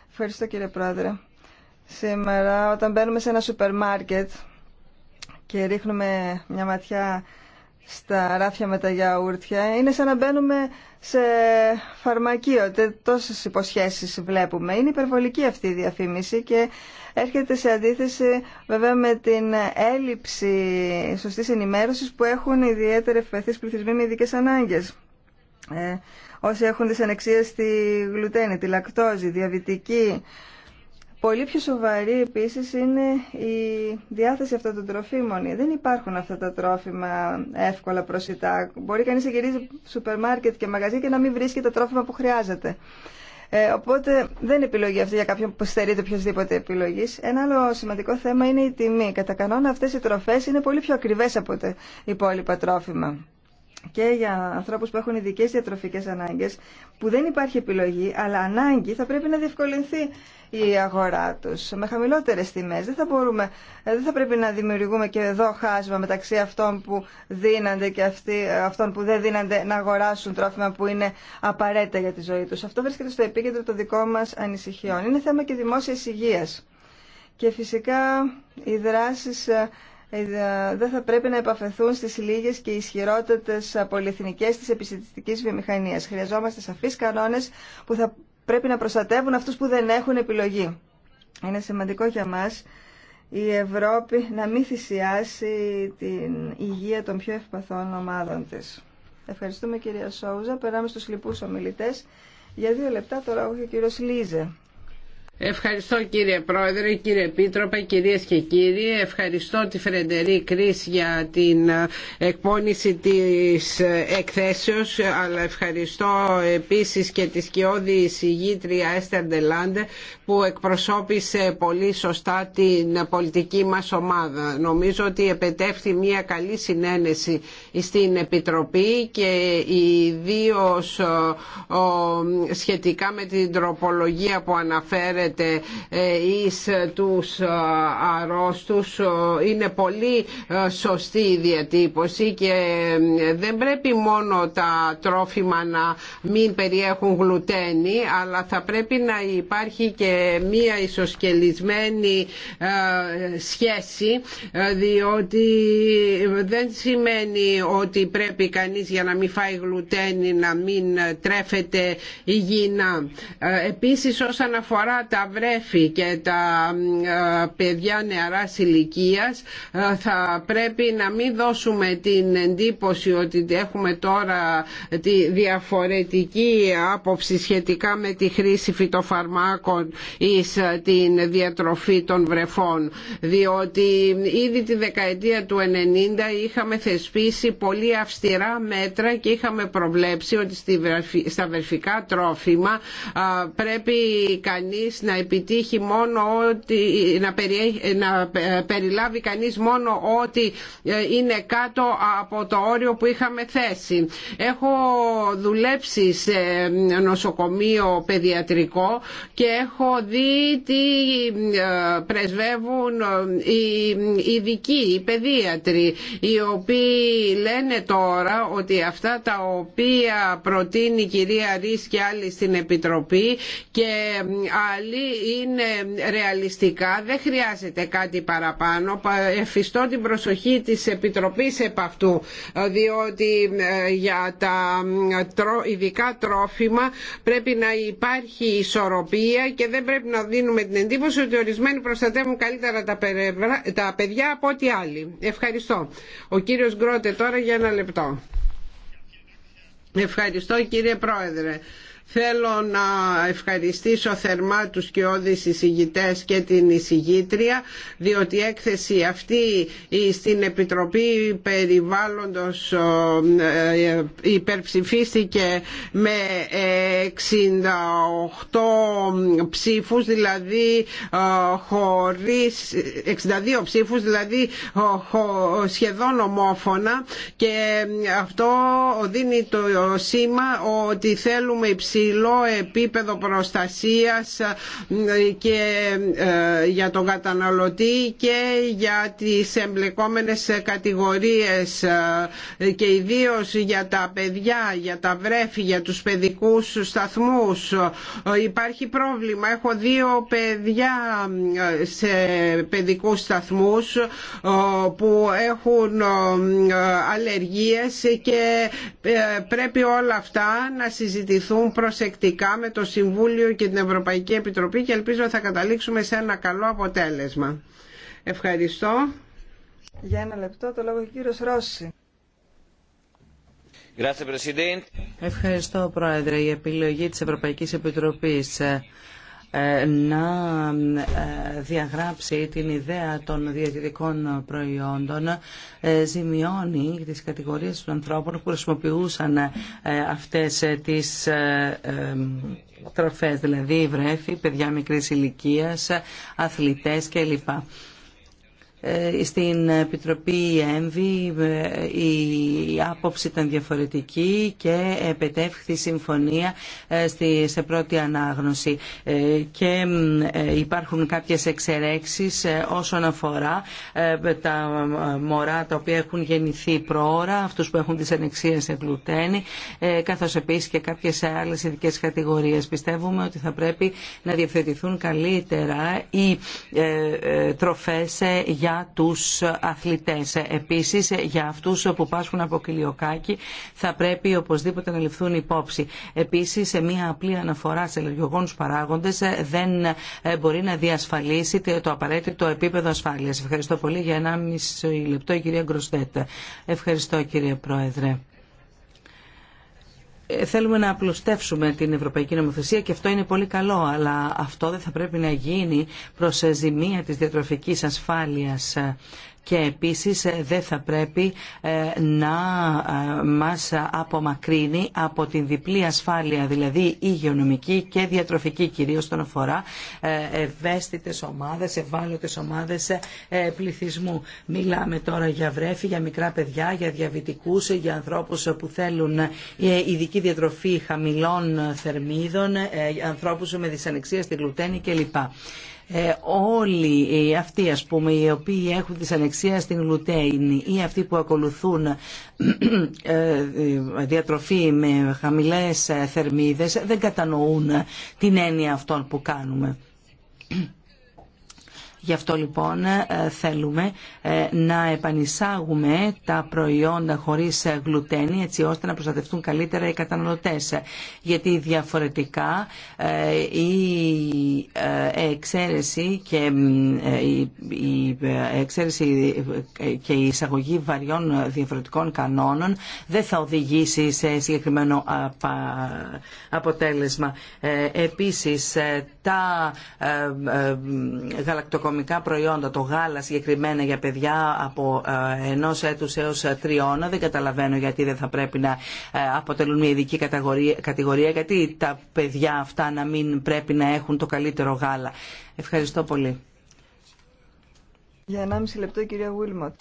Ευχαριστώ κύριε Πρόεδρε. Σήμερα όταν μπαίνουμε σε ένα σούπερ μάρκετ και ρίχνουμε μια ματιά στα ράφια με τα γιαούρτια είναι σαν να μπαίνουμε σε φαρμακείο. τόσε υποσχέσει βλέπουμε. Είναι υπερβολική αυτή η διαφήμιση και έρχεται σε αντίθεση βέβαια με την έλλειψη σωστής ενημέρωσης που έχουν ιδιαίτερα ευπαθείς πληθυσμοί με ειδικές ανάγκες ε, όσοι έχουν δυσανεξία στη γλουτένη, τη λακτόζη, διαβητική. Πολύ πιο σοβαρή επίσης είναι η διάθεση αυτών των τροφίμων. Δεν υπάρχουν αυτά τα τρόφιμα εύκολα προσιτά. Μπορεί κανείς να γυρίζει σούπερ μάρκετ και μαγαζί και να μην βρίσκει τα τρόφιμα που χρειάζεται. Ε, οπότε δεν είναι επιλογή αυτή για κάποιον που στερείται οποιοδήποτε επιλογή. Ένα άλλο σημαντικό θέμα είναι η τιμή. Κατά κανόνα αυτέ οι τροφέ είναι πολύ πιο ακριβέ από τα υπόλοιπα τρόφιμα και για ανθρώπους που έχουν ειδικέ διατροφικές ανάγκες, που δεν υπάρχει επιλογή, αλλά ανάγκη θα πρέπει να διευκολυνθεί η αγορά τους με χαμηλότερες τιμές. Δεν θα, μπορούμε, θα πρέπει να δημιουργούμε και εδώ χάσμα μεταξύ αυτών που δίνανται και αυτοί, αυτών που δεν δίνανται να αγοράσουν τρόφιμα που είναι απαραίτητα για τη ζωή τους. Αυτό βρίσκεται στο επίκεντρο των δικών μας ανησυχιών. Είναι θέμα και δημόσιας υγείας. Και φυσικά οι δράσεις ε, δεν θα πρέπει να επαφεθούν στις λίγες και ισχυρότερε πολυεθνικές της επιστημιστικής βιομηχανίας. Χρειαζόμαστε σαφείς κανόνες που θα πρέπει να προστατεύουν αυτούς που δεν έχουν επιλογή. Είναι σημαντικό για μας η Ευρώπη να μην θυσιάσει την υγεία των πιο ευπαθών ομάδων της. Ευχαριστούμε κυρία Σόουζα. Περάμε στους λοιπούς ομιλητές. Για δύο λεπτά τώρα ο κύριος Λίζε. Ευχαριστώ κύριε Πρόεδρε, κύριε Επίτροπε, κυρίες και κύριοι. Ευχαριστώ τη Φρεντερή Κρίς για την ε, εκπόνηση της ε, εκθέσεως, αλλά ευχαριστώ επίσης και τη σκιώδη συγγήτρια Έστερ Ντελάντε που εκπροσώπησε πολύ σωστά την πολιτική μας ομάδα. Νομίζω ότι επετεύχθη μια καλή συνένεση στην Επιτροπή και ιδίω ε, σχετικά με την τροπολογία που αναφέρεται εις τους ε, αρρώστους ε, είναι πολύ ε, σωστή η διατύπωση και δεν πρέπει μόνο τα τρόφιμα να μην περιέχουν γλουτένι αλλά θα πρέπει να υπάρχει και μία ισοσκελισμένη σχέση διότι δεν σημαίνει ότι πρέπει κανείς για να μην φάει γλουτένι να μην τρέφεται υγιεινά. Επίσης όσον αφορά τα τα βρέφη και τα ε, παιδιά νεαράς ηλικία ε, θα πρέπει να μην δώσουμε την εντύπωση ότι έχουμε τώρα τη διαφορετική άποψη σχετικά με τη χρήση φυτοφαρμάκων ή ε, την διατροφή των βρεφών διότι ήδη τη δεκαετία του 90 είχαμε θεσπίσει πολύ αυστηρά μέτρα και είχαμε προβλέψει ότι στα βερφικά τρόφιμα πρέπει κανείς να επιτύχει μόνο ότι, να, περιλάβει κανείς μόνο ότι ε, είναι κάτω από το όριο που είχαμε θέσει. Έχω δουλέψει σε ε, νοσοκομείο παιδιατρικό και έχω δει τι ε, πρεσβεύουν οι ειδικοί, οι παιδίατροι, οι οποίοι λένε τώρα ότι αυτά τα οποία προτείνει η κυρία Ρης και άλλοι στην Επιτροπή και άλλοι είναι ρεαλιστικά, δεν χρειάζεται κάτι παραπάνω. Εφιστώ την προσοχή της Επιτροπής επ' αυτού, ε, διότι ε, για τα ειδικά τρόφιμα πρέπει να υπάρχει ισορροπία και δεν πρέπει να δίνουμε την εντύπωση ότι ορισμένοι προστατεύουν καλύτερα τα παιδιά από ό,τι άλλοι. Ευχαριστώ. Ο κύριος Γκρότε τώρα για ένα λεπτό. Ευχαριστώ κύριε Πρόεδρε. Θέλω να ευχαριστήσω θερμά τους και όδης εισηγητές και την εισηγήτρια διότι η έκθεση αυτή στην Επιτροπή Περιβάλλοντος ε, υπερψηφίστηκε με 68 ψήφους δηλαδή ε, χωρίς 62 ψήφους δηλαδή ε, σχεδόν ομόφωνα και αυτό δίνει το σήμα ότι θέλουμε υψηλή υψηλό επίπεδο προστασίας ε, και ε, για τον καταναλωτή και για τις εμπλεκόμενες κατηγορίες ε, και ιδίως για τα παιδιά, για τα βρέφη, για τους παιδικούς σταθμούς. Υπάρχει πρόβλημα. Έχω δύο παιδιά σε παιδικούς σταθμούς που έχουν αλλεργίες και πρέπει όλα αυτά να συζητηθούν προσεκτικά με το Συμβούλιο και την Ευρωπαϊκή Επιτροπή και ελπίζω θα καταλήξουμε σε ένα καλό αποτέλεσμα. Ευχαριστώ. Για ένα λεπτό το λόγο Ρώση. Ευχαριστώ Πρόεδρε. Η επιλογή της Ευρωπαϊκής Επιτροπής ε, ε, να ε, διαγράψει την ιδέα των διατηρητικών προϊόντων ε, ζημιώνει τις κατηγορίες των ανθρώπων που χρησιμοποιούσαν αυτές τις τροφές, δηλαδή βρέφη, παιδιά μικρής ηλικίας, αθλητές κλπ. Ε, στην Επιτροπή ΕΜΒΗ ε, η άποψη ήταν διαφορετική και επετεύχθη συμφωνία ε, στη, σε πρώτη ανάγνωση και υπάρχουν κάποιες εξαιρέξεις όσον αφορά τα μωρά τα οποία έχουν γεννηθεί προώρα, αυτούς που έχουν τις ανεξίες σε γλουτένη, καθώς επίσης και κάποιες άλλες ειδικέ κατηγορίες. Πιστεύουμε ότι θα πρέπει να διευθετηθούν καλύτερα οι τροφές για για τους αθλητές. Επίσης, για αυτούς που πάσχουν από κοιλιοκάκι θα πρέπει οπωσδήποτε να ληφθούν υπόψη. Επίσης, σε μια απλή αναφορά σε λογιογόνους παράγοντες δεν ε, μπορεί να διασφαλίσει το απαραίτητο επίπεδο ασφάλειας. Ευχαριστώ πολύ για 1,5 λεπτό η κυρία Γκροστέτα. Ευχαριστώ κύριε Πρόεδρε. Θέλουμε να απλουστεύσουμε την Ευρωπαϊκή Νομοθεσία και αυτό είναι πολύ καλό, αλλά αυτό δεν θα πρέπει να γίνει προς ζημία της διατροφικής ασφάλειας και επίσης ε, δεν θα πρέπει ε, να ε, μας απομακρύνει από την διπλή ασφάλεια, δηλαδή υγειονομική και διατροφική κυρίως τον αφορά ευαίσθητες ομάδες, ευάλωτες ομάδες πληθυσμού. Μιλάμε τώρα για βρέφη, για μικρά παιδιά, για διαβητικούς, για ανθρώπους που θέλουν ειδική διατροφή χαμηλών θερμίδων, ανθρώπους με δυσανεξία στη γλουτένη κλπ. Ε, όλοι αυτοί οι οποίοι έχουν τις ανεξία στην Λουτέινη ή αυτοί που ακολουθούν ε, ε, διατροφή με χαμηλές θερμίδες δεν κατανοούν την έννοια αυτών που κάνουμε. Γι' αυτό λοιπόν ε, θέλουμε ε, να επανισάγουμε τα προϊόντα χωρίς ε, γλουτένη έτσι ώστε να προστατευτούν καλύτερα οι καταναλωτές. Γιατί διαφορετικά η εξαίρεση και η εξαίρεση και η εισαγωγή βαριών διαφορετικών κανόνων δεν θα οδηγήσει σε συγκεκριμένο αποτέλεσμα. Επίσης τα γαλακτοκομικά προϊόντα, το γάλα συγκεκριμένα για παιδιά από ε, ενό έτου έω ε, τριών, δεν καταλαβαίνω γιατί δεν θα πρέπει να ε, αποτελούν μια ειδική κατηγορία, γιατί τα παιδιά αυτά να μην πρέπει να έχουν το καλύτερο γάλα. Ευχαριστώ πολύ. Για 1,5 λεπτό, κυρία uh,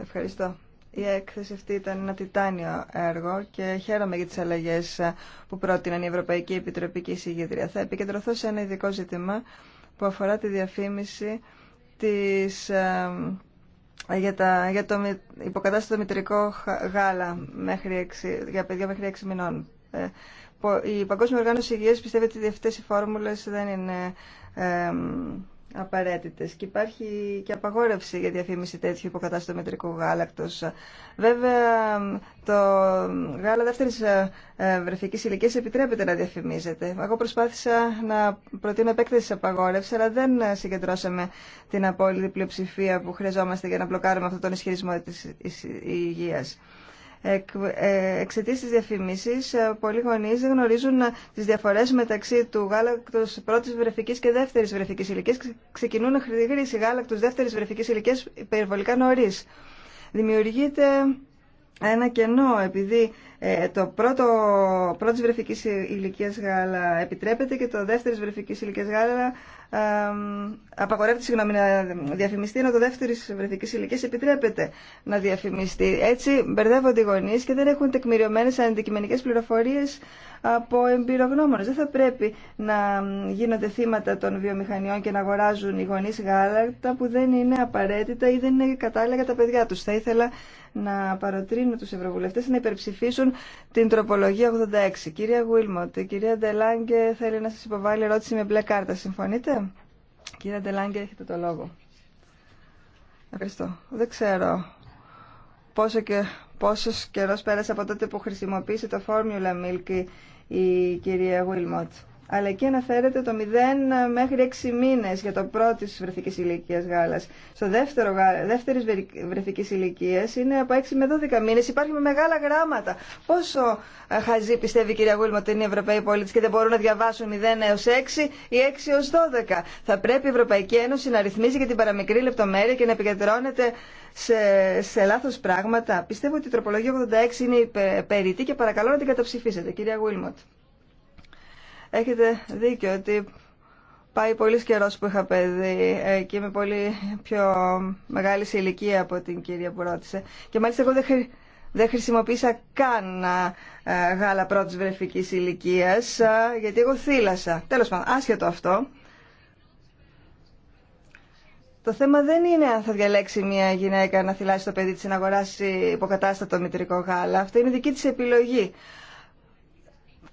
Ευχαριστώ. Η έκθεση αυτή ήταν ένα τιτάνιο έργο και χαίρομαι για τι αλλαγέ που πρότειναν η Ευρωπαϊκή Επιτροπή και η Συγγετρία. Θα επικεντρωθώ σε ένα ειδικό ζήτημα που αφορά τη διαφήμιση της, ε, για, τα, για το υποκατάστατο μητρικό γάλα μέχρι 6, για παιδιά μέχρι 6 μηνών. Ε, η Παγκόσμια Οργάνωση Υγείας πιστεύει ότι αυτές οι φόρμουλες δεν είναι ε, Απαραίτητε. και υπάρχει και απαγόρευση για διαφήμιση τέτοιου υποκατάστατο μετρικού γάλακτος. Βέβαια, το γάλα δεύτερη ε, ε, βρεφικής ηλικία επιτρέπεται να διαφημίζεται. Εγώ προσπάθησα να προτείνω επέκταση απαγόρευση, απαγόρευσης, αλλά δεν συγκεντρώσαμε την απόλυτη πλειοψηφία που χρειαζόμαστε για να μπλοκάρουμε αυτόν τον ισχυρισμό τη υγεία. Ε, εξαιτία τη διαφήμιση ε, πολλοί γονεί γνωρίζουν ε, τι διαφορέ μεταξύ του γάλακτο πρώτη βρεφική και δεύτερη βρεφική ηλικία. Ξεκινούν να γάλακτος γάλακτο δεύτερη βρεφική ηλικία υπερβολικά νωρί. Δημιουργείται ένα κενό επειδή το πρώτο πρώτης βρεφικής ηλικίας γάλα επιτρέπεται και το δεύτερης βρεφική ηλικία γάλα απαγορεύεται συγγνώμη, να διαφημιστεί, ενώ το δεύτερη βρεφική ηλικία επιτρέπεται να διαφημιστεί. Έτσι μπερδεύονται οι γονεί και δεν έχουν τεκμηριωμένε αντικειμενικέ πληροφορίε από εμπειρογνώμονε. Δεν θα πρέπει να γίνονται θύματα των βιομηχανιών και να αγοράζουν οι γονεί γάλακτα που δεν είναι απαραίτητα ή δεν είναι κατάλληλα για τα παιδιά του. Θα ήθελα να παροτρύνω του ευρωβουλευτέ να υπερψηφίσουν την τροπολογία 86. Κυρία Γουίλμοντ, η κυρία Ντελάνγκε θέλει να σα υποβάλει ερώτηση με μπλε κάρτα. Συμφωνείτε? Κύριε Ντελάνγκη, έχετε το λόγο. Ευχαριστώ. Δεν ξέρω πόσο και πόσος καιρός πέρασε από τότε που χρησιμοποίησε το Formula Milk η κυρία Wilmot αλλά εκεί αναφέρεται το 0 μέχρι 6 μήνε για το πρώτο τη βρεφική ηλικία γάλα. Στο δεύτερο δεύτερης ηλικία ηλικίας είναι από 6 με 12 μήνες. Υπάρχουν μεγάλα γράμματα. Πόσο ε, χαζή πιστεύει η κυρία Γούλμα ότι είναι οι Ευρωπαίοι πολίτε και δεν μπορούν να διαβάσουν 0 έω 6 ή 6 έω 12. Θα πρέπει η Ευρωπαϊκή Ένωση να ρυθμίζει και την παραμικρή λεπτομέρεια και να επικεντρώνεται σε, σε λάθος πράγματα. Πιστεύω ότι η τροπολογία 86 είναι περίτη και παρακαλώ να την καταψηφίσετε. Κυρία Γουίλμοντ. Έχετε δίκιο ότι πάει πολύ καιρό που είχα παιδί και είμαι πολύ πιο μεγάλη σε ηλικία από την κυρία που ρώτησε. Και μάλιστα εγώ δεν, χρησιμοποίησα καν ε, γάλα πρώτης βρεφικής ηλικίας ε, γιατί εγώ θύλασα. Τέλος πάντων, άσχετο αυτό. Το θέμα δεν είναι αν θα διαλέξει μια γυναίκα να θυλάσει το παιδί της να αγοράσει υποκατάστατο μητρικό γάλα. Αυτό είναι δική της επιλογή.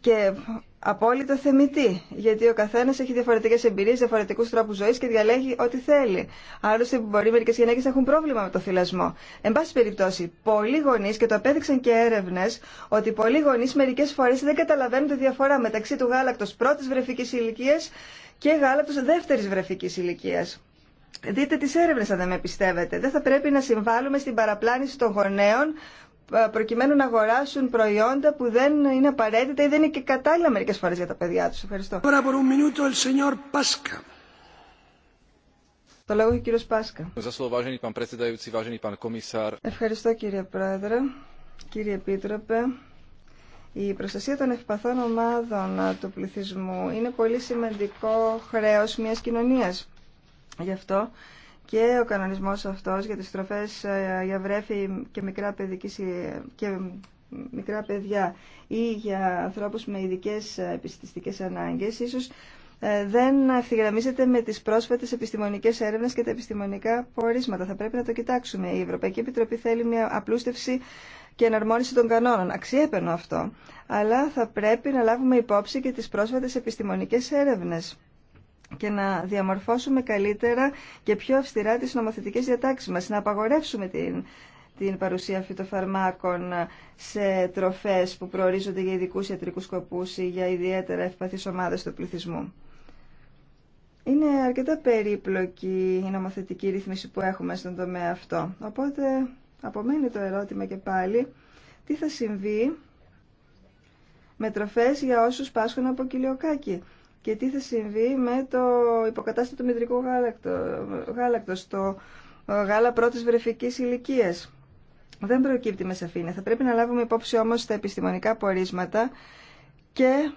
Και Απόλυτο θεμητή, γιατί ο καθένα έχει διαφορετικέ εμπειρίε, διαφορετικού τρόπου ζωή και διαλέγει ό,τι θέλει. Άλλωστε, μπορεί μερικέ γυναίκε να έχουν πρόβλημα με το θυλασμό. Εν πάση περιπτώσει, πολλοί γονεί, και το απέδειξαν και έρευνε, ότι πολλοί γονεί μερικέ φορέ δεν καταλαβαίνουν τη διαφορά μεταξύ του γάλακτο πρώτη βρεφική ηλικία και γάλακτο δεύτερη βρεφική ηλικία. Δείτε τι έρευνε αν δεν με πιστεύετε. Δεν θα πρέπει να συμβάλλουμε στην παραπλάνηση των γονέων ε, προκειμένου να αγοράσουν προϊόντα που δεν είναι απαραίτητα ή δεν είναι και κατάλληλα μερικές φορές για τα παιδιά τους. Ευχαριστώ. Το λόγο έχει ο κύριος Πάσκα. Ευχαριστώ κύριε Πρόεδρε, κύριε Επίτροπε. Η προστασία των ευπαθών ομάδων του πληθυσμού είναι πολύ σημαντικό χρέος μιας κοινωνίας. Γι' αυτό και ο κανονισμός αυτός για τις τροφές ε, για βρέφη και μικρά, παιδική, και μικρά παιδιά ή για ανθρώπους με ειδικές ε, επιστηστικές ανάγκες ίσως ε, δεν ευθυγραμμίζεται με τις πρόσφατες επιστημονικές έρευνες και τα επιστημονικά πορίσματα. Θα πρέπει να το κοιτάξουμε. Η Ευρωπαϊκή Επιτροπή θέλει μια απλούστευση και εναρμόνιση των κανόνων. Αξιέπαινο αυτό. Αλλά θα πρέπει να λάβουμε υπόψη και τις πρόσφατες επιστημονικές έρευνες και να διαμορφώσουμε καλύτερα και πιο αυστηρά τις νομοθετικές διατάξεις μας, να απαγορεύσουμε την, την παρουσία φυτοφαρμάκων σε τροφές που προορίζονται για ειδικούς ιατρικούς σκοπούς ή για ιδιαίτερα ευπαθείς ομάδες του πληθυσμού. Είναι αρκετά περίπλοκη η νομοθετική ρύθμιση που έχουμε στον τομέα αυτό. Οπότε απομένει το ερώτημα και πάλι τι θα συμβεί με τροφές για όσους πάσχουν από κοιλιοκάκι και τι θα συμβεί με το υποκατάστατο του μητρικού γάλακτος, το ε, γάλα πρώτης βρεφικής ηλικίας. Δεν προκύπτει με σαφήνεια. Θα πρέπει να λάβουμε υπόψη όμως τα επιστημονικά πορίσματα και,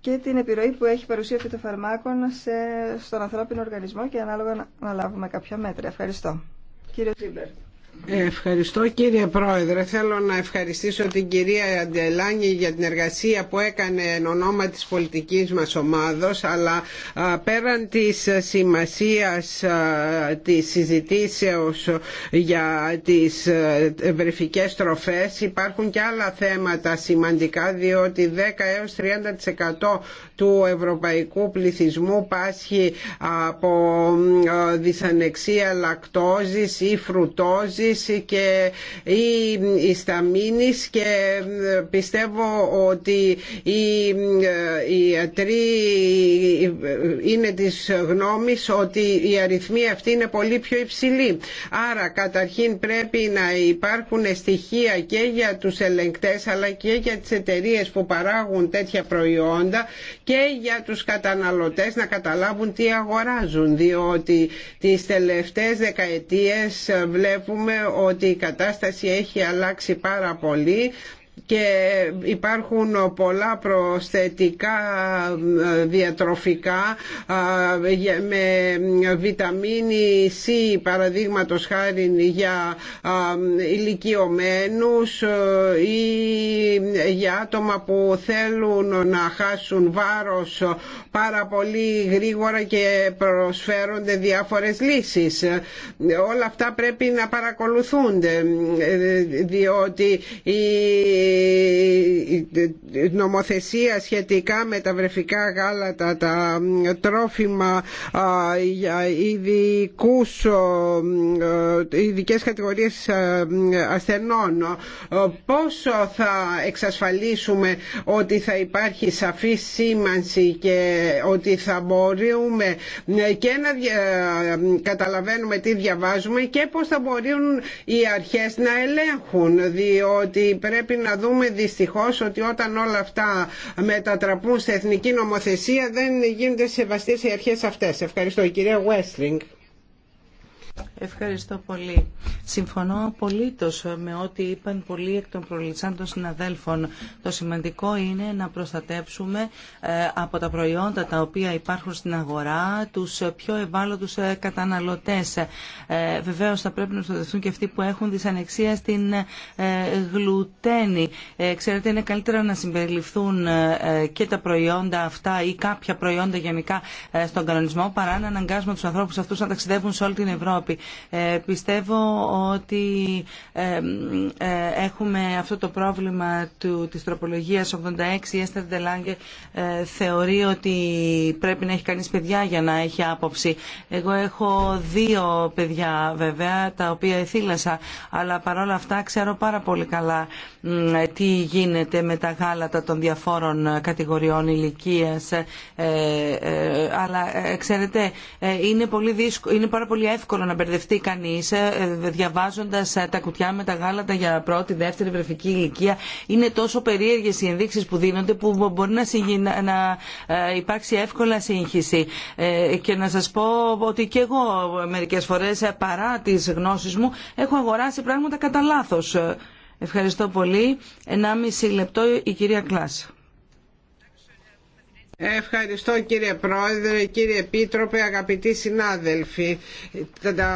και την επιρροή που έχει η παρουσία φυτοφαρμάκων σε, στον ανθρώπινο οργανισμό και ανάλογα να, λάβουμε κάποια μέτρα. Ευχαριστώ. Κύριε Ευχαριστώ κύριε Πρόεδρε. Θέλω να ευχαριστήσω την κυρία Αντελάνη για την εργασία που έκανε εν ονόμα της πολιτικής μας ομάδος αλλά πέραν της σημασίας της συζητήσεως για τις ε, βρεφικές τροφές υπάρχουν και άλλα θέματα σημαντικά διότι 10 έως 30% του ευρωπαϊκού πληθυσμού πάσχει από δυσανεξία λακτόζης ή φρουτόζης και η σταμίνης και πιστεύω ότι οι, οι ιατροί είναι της γνώμης ότι η αριθμή αυτή είναι πολύ πιο υψηλή. Άρα καταρχήν πρέπει να υπάρχουν στοιχεία και για τους ελεγκτές αλλά και για τις εταιρείες που παράγουν τέτοια προϊόντα και για τους καταναλωτές να καταλάβουν τι αγοράζουν διότι τις τελευταίες δεκαετίες βλέπουμε ότι η κατάσταση έχει αλλάξει πάρα πολύ και υπάρχουν πολλά προσθετικά ε, διατροφικά ε, με βιταμίνη C παραδείγματος χάρη για ε, ηλικιωμένους ή για άτομα που θέλουν να χάσουν βάρος πάρα πολύ γρήγορα και προσφέρονται διάφορες λύσεις. Όλα αυτά πρέπει να παρακολουθούνται διότι η νομοθεσία σχετικά με τα βρεφικά γάλατα, τα τρόφιμα για ειδικούς, ε, ειδικές κατηγορίες ε, ασθενών. Πόσο θα εξασφαλίσουμε ότι θα υπάρχει σαφή σήμανση και ότι θα μπορούμε ε, και να καταλαβαίνουμε τι διαβάζουμε και πώς θα μπορούν οι αρχές να ελέγχουν διότι πρέπει να δούμε δυστυχώς ότι όταν όλα αυτά μετατραπούν σε εθνική νομοθεσία δεν γίνονται σεβαστές οι αρχές αυτές. Ευχαριστώ. Η κυρία Westling. Ευχαριστώ πολύ. Συμφωνώ απολύτω με ό,τι είπαν πολλοί εκ των προληψάντων συναδέλφων. Το σημαντικό είναι να προστατέψουμε ε, από τα προϊόντα τα οποία υπάρχουν στην αγορά του πιο ευάλωτους ε, καταναλωτές. Ε, Βεβαίω θα πρέπει να προστατευτούν και αυτοί που έχουν δυσανεξία στην γλουτένη. Ξέρετε είναι καλύτερα να συμπεριληφθούν και τα προϊόντα αυτά ή κάποια προϊόντα γενικά στον κανονισμό παρά να αναγκάσουμε τους ανθρώπους αυτούς να ταξιδεύουν σε όλη την Ευρώπη. Ε, πιστεύω ότι ε, ε, έχουμε αυτό το πρόβλημα του, της τροπολογίας 86. Η Έστερ Ντελάγκε θεωρεί ότι πρέπει να έχει κανείς παιδιά για να έχει άποψη. Εγώ έχω δύο παιδιά βέβαια τα οποία εθήλασα αλλά παρόλα αυτά ξέρω πάρα πολύ καλά τι γίνεται με τα γάλατα των διαφόρων ε, κατηγοριών ηλικίας. Ε, ε, αλλά ξέρετε, είναι, πολύ είναι πάρα πολύ εύκολο να μπερδευτεί κανείς διαβάζοντας τα κουτιά με τα γάλατα για πρώτη, δεύτερη βρεφική ηλικία. Είναι τόσο περίεργες οι ενδείξεις που δίνονται που μπορεί να, να υπάρξει εύκολα σύγχυση. Και να σας πω ότι και εγώ μερικές φορές παρά τις γνώσεις μου έχω αγοράσει πράγματα κατά λάθο. Ευχαριστώ πολύ. 1,5 λεπτό η κυρία Κλάσσα. Ευχαριστώ κύριε Πρόεδρε, κύριε Επίτροπε, αγαπητοί συνάδελφοι. Τα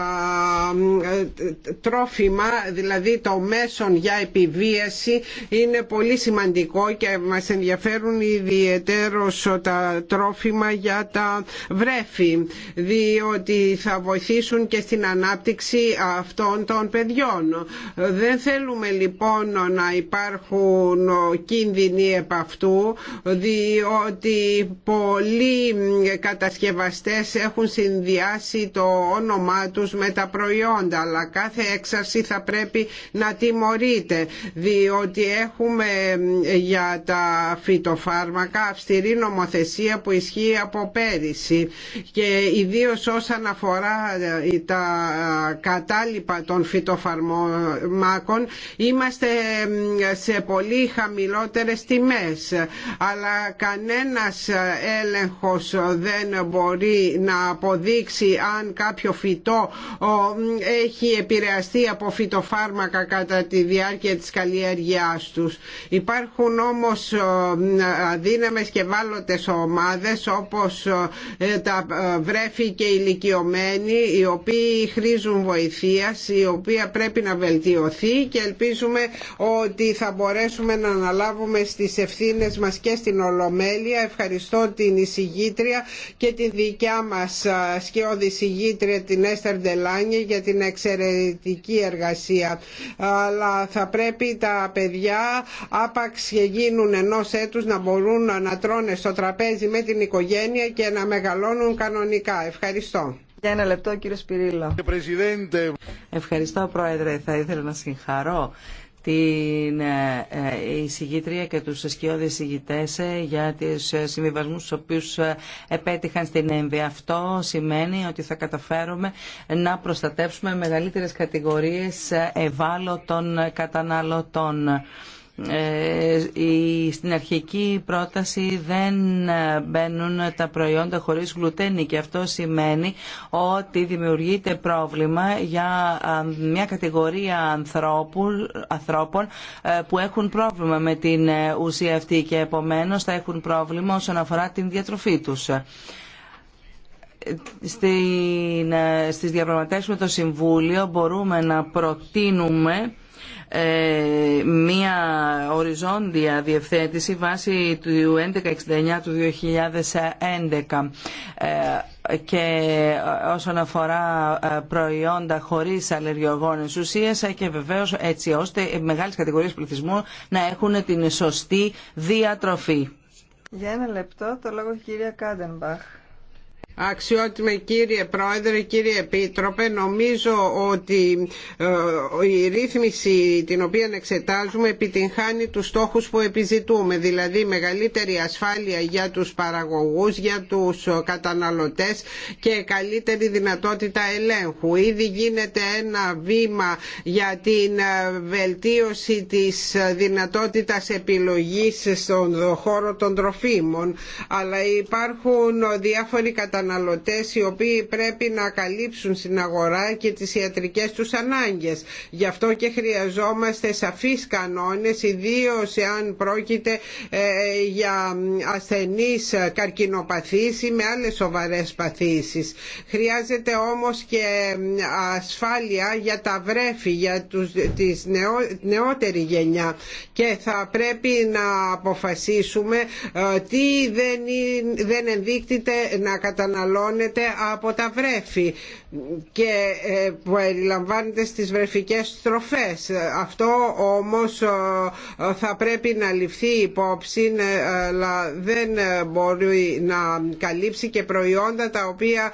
τρόφιμα, δηλαδή το μέσον για επιβίαση, είναι πολύ σημαντικό και μας ενδιαφέρουν ιδιαιτέρως τα τρόφιμα για τα βρέφη, διότι θα βοηθήσουν και στην ανάπτυξη αυτών των παιδιών. Δεν θέλουμε λοιπόν να υπάρχουν κίνδυνοι επ' αυτού, διότι πολλοί κατασκευαστές έχουν συνδυάσει το όνομά τους με τα προϊόντα αλλά κάθε έξαρση θα πρέπει να τιμωρείται διότι έχουμε για τα φυτοφάρμακα αυστηρή νομοθεσία που ισχύει από πέρυσι και ιδίω όσον αφορά ε, τα κατάλοιπα των φυτοφαρμάκων είμαστε σε πολύ χαμηλότερες τιμές αλλά κανένας έλεγχος δεν μπορεί να αποδείξει αν κάποιο φυτό έχει επηρεαστεί από φυτοφάρμακα κατά τη διάρκεια της καλλιέργειάς τους. Υπάρχουν όμως αδύναμες και βάλλοντες ομάδες όπως ε, τα ε, βρέφη και οι ηλικιωμένοι οι οποίοι χρήζουν βοηθείας, η οποία πρέπει να βελτιωθεί και ελπίζουμε ότι θα μπορέσουμε να αναλάβουμε στις ευθύνες μας και στην Ολομέλεια ευχαριστώ την εισηγήτρια και την δικιά μας σκιώδη εισηγήτρια την Έστερ Ντελάνια για την εξαιρετική εργασία. Αλλά θα πρέπει τα παιδιά άπαξ και γίνουν ενός έτους να μπορούν να τρώνε στο τραπέζι με την οικογένεια και να μεγαλώνουν κανονικά. Ευχαριστώ. Για ένα λεπτό, κύριο Σπυρίλα. Ευχαριστώ, Πρόεδρε. Θα ήθελα να συγχαρώ την εισηγήτρια ε, και τους σκιώδη εισηγητές ε, για τις ε, συμβιβασμούς τους οποίους επέτυχαν στην ΕΜΒ. Αυτό σημαίνει ότι θα καταφέρουμε να προστατεύσουμε μεγαλύτερες κατηγορίες ευάλωτων καταναλωτών. Ε, στην αρχική πρόταση δεν μπαίνουν τα προϊόντα χωρίς γλουτένη και αυτό σημαίνει ότι δημιουργείται πρόβλημα για μια κατηγορία ανθρώπων, ανθρώπων ε, που έχουν πρόβλημα με την ε, ουσία αυτή και επομένως θα έχουν πρόβλημα όσον αφορά την διατροφή τους στην, στις διαπραγματεύσεις με το Συμβούλιο μπορούμε να προτείνουμε ε, μία οριζόντια διευθέτηση βάσει του 1169 του 2011 ε, και όσον αφορά ε, προϊόντα χωρίς αλλεργιογόνες ουσίες και βεβαίως έτσι ώστε μεγάλες κατηγορίες πληθυσμού να έχουν την σωστή διατροφή. Για ένα λεπτό το λόγο κυρία Κάντενμπαχ. Αξιότιμε κύριε Πρόεδρε, κύριε Επίτροπε, νομίζω ότι ε, η ρύθμιση την οποία εξετάζουμε επιτυγχάνει τους στόχους που επιζητούμε, δηλαδή μεγαλύτερη ασφάλεια για τους παραγωγούς, για τους ε, καταναλωτές και καλύτερη δυνατότητα ελέγχου. Ήδη γίνεται ένα βήμα για την ε, βελτίωση της δυνατότητας επιλογής στον χώρο των τροφίμων, αλλά υπάρχουν διάφοροι καταναλωτές καταναλωτές οι οποίοι πρέπει να καλύψουν στην αγορά και τις ιατρικές τους ανάγκες. Γι' αυτό και χρειαζόμαστε σαφείς κανόνες, ιδίως εάν πρόκειται ε, για ασθενείς καρκινοπαθήσεις ή με άλλες σοβαρές παθήσεις. Χρειάζεται όμως και ασφάλεια για τα βρέφη, για τους, τις νεότερη γενιά και θα πρέπει να αποφασίσουμε ε, τι δεν, δεν ενδείκτηται να καταναλωθεί καταναλώνεται από τα βρέφη και ε, που εριλαμβάνεται στις βρεφικές τροφές. Αυτό όμως ε, θα πρέπει να ληφθεί υπόψη ε, αλλά δεν μπορεί να καλύψει και προϊόντα τα οποία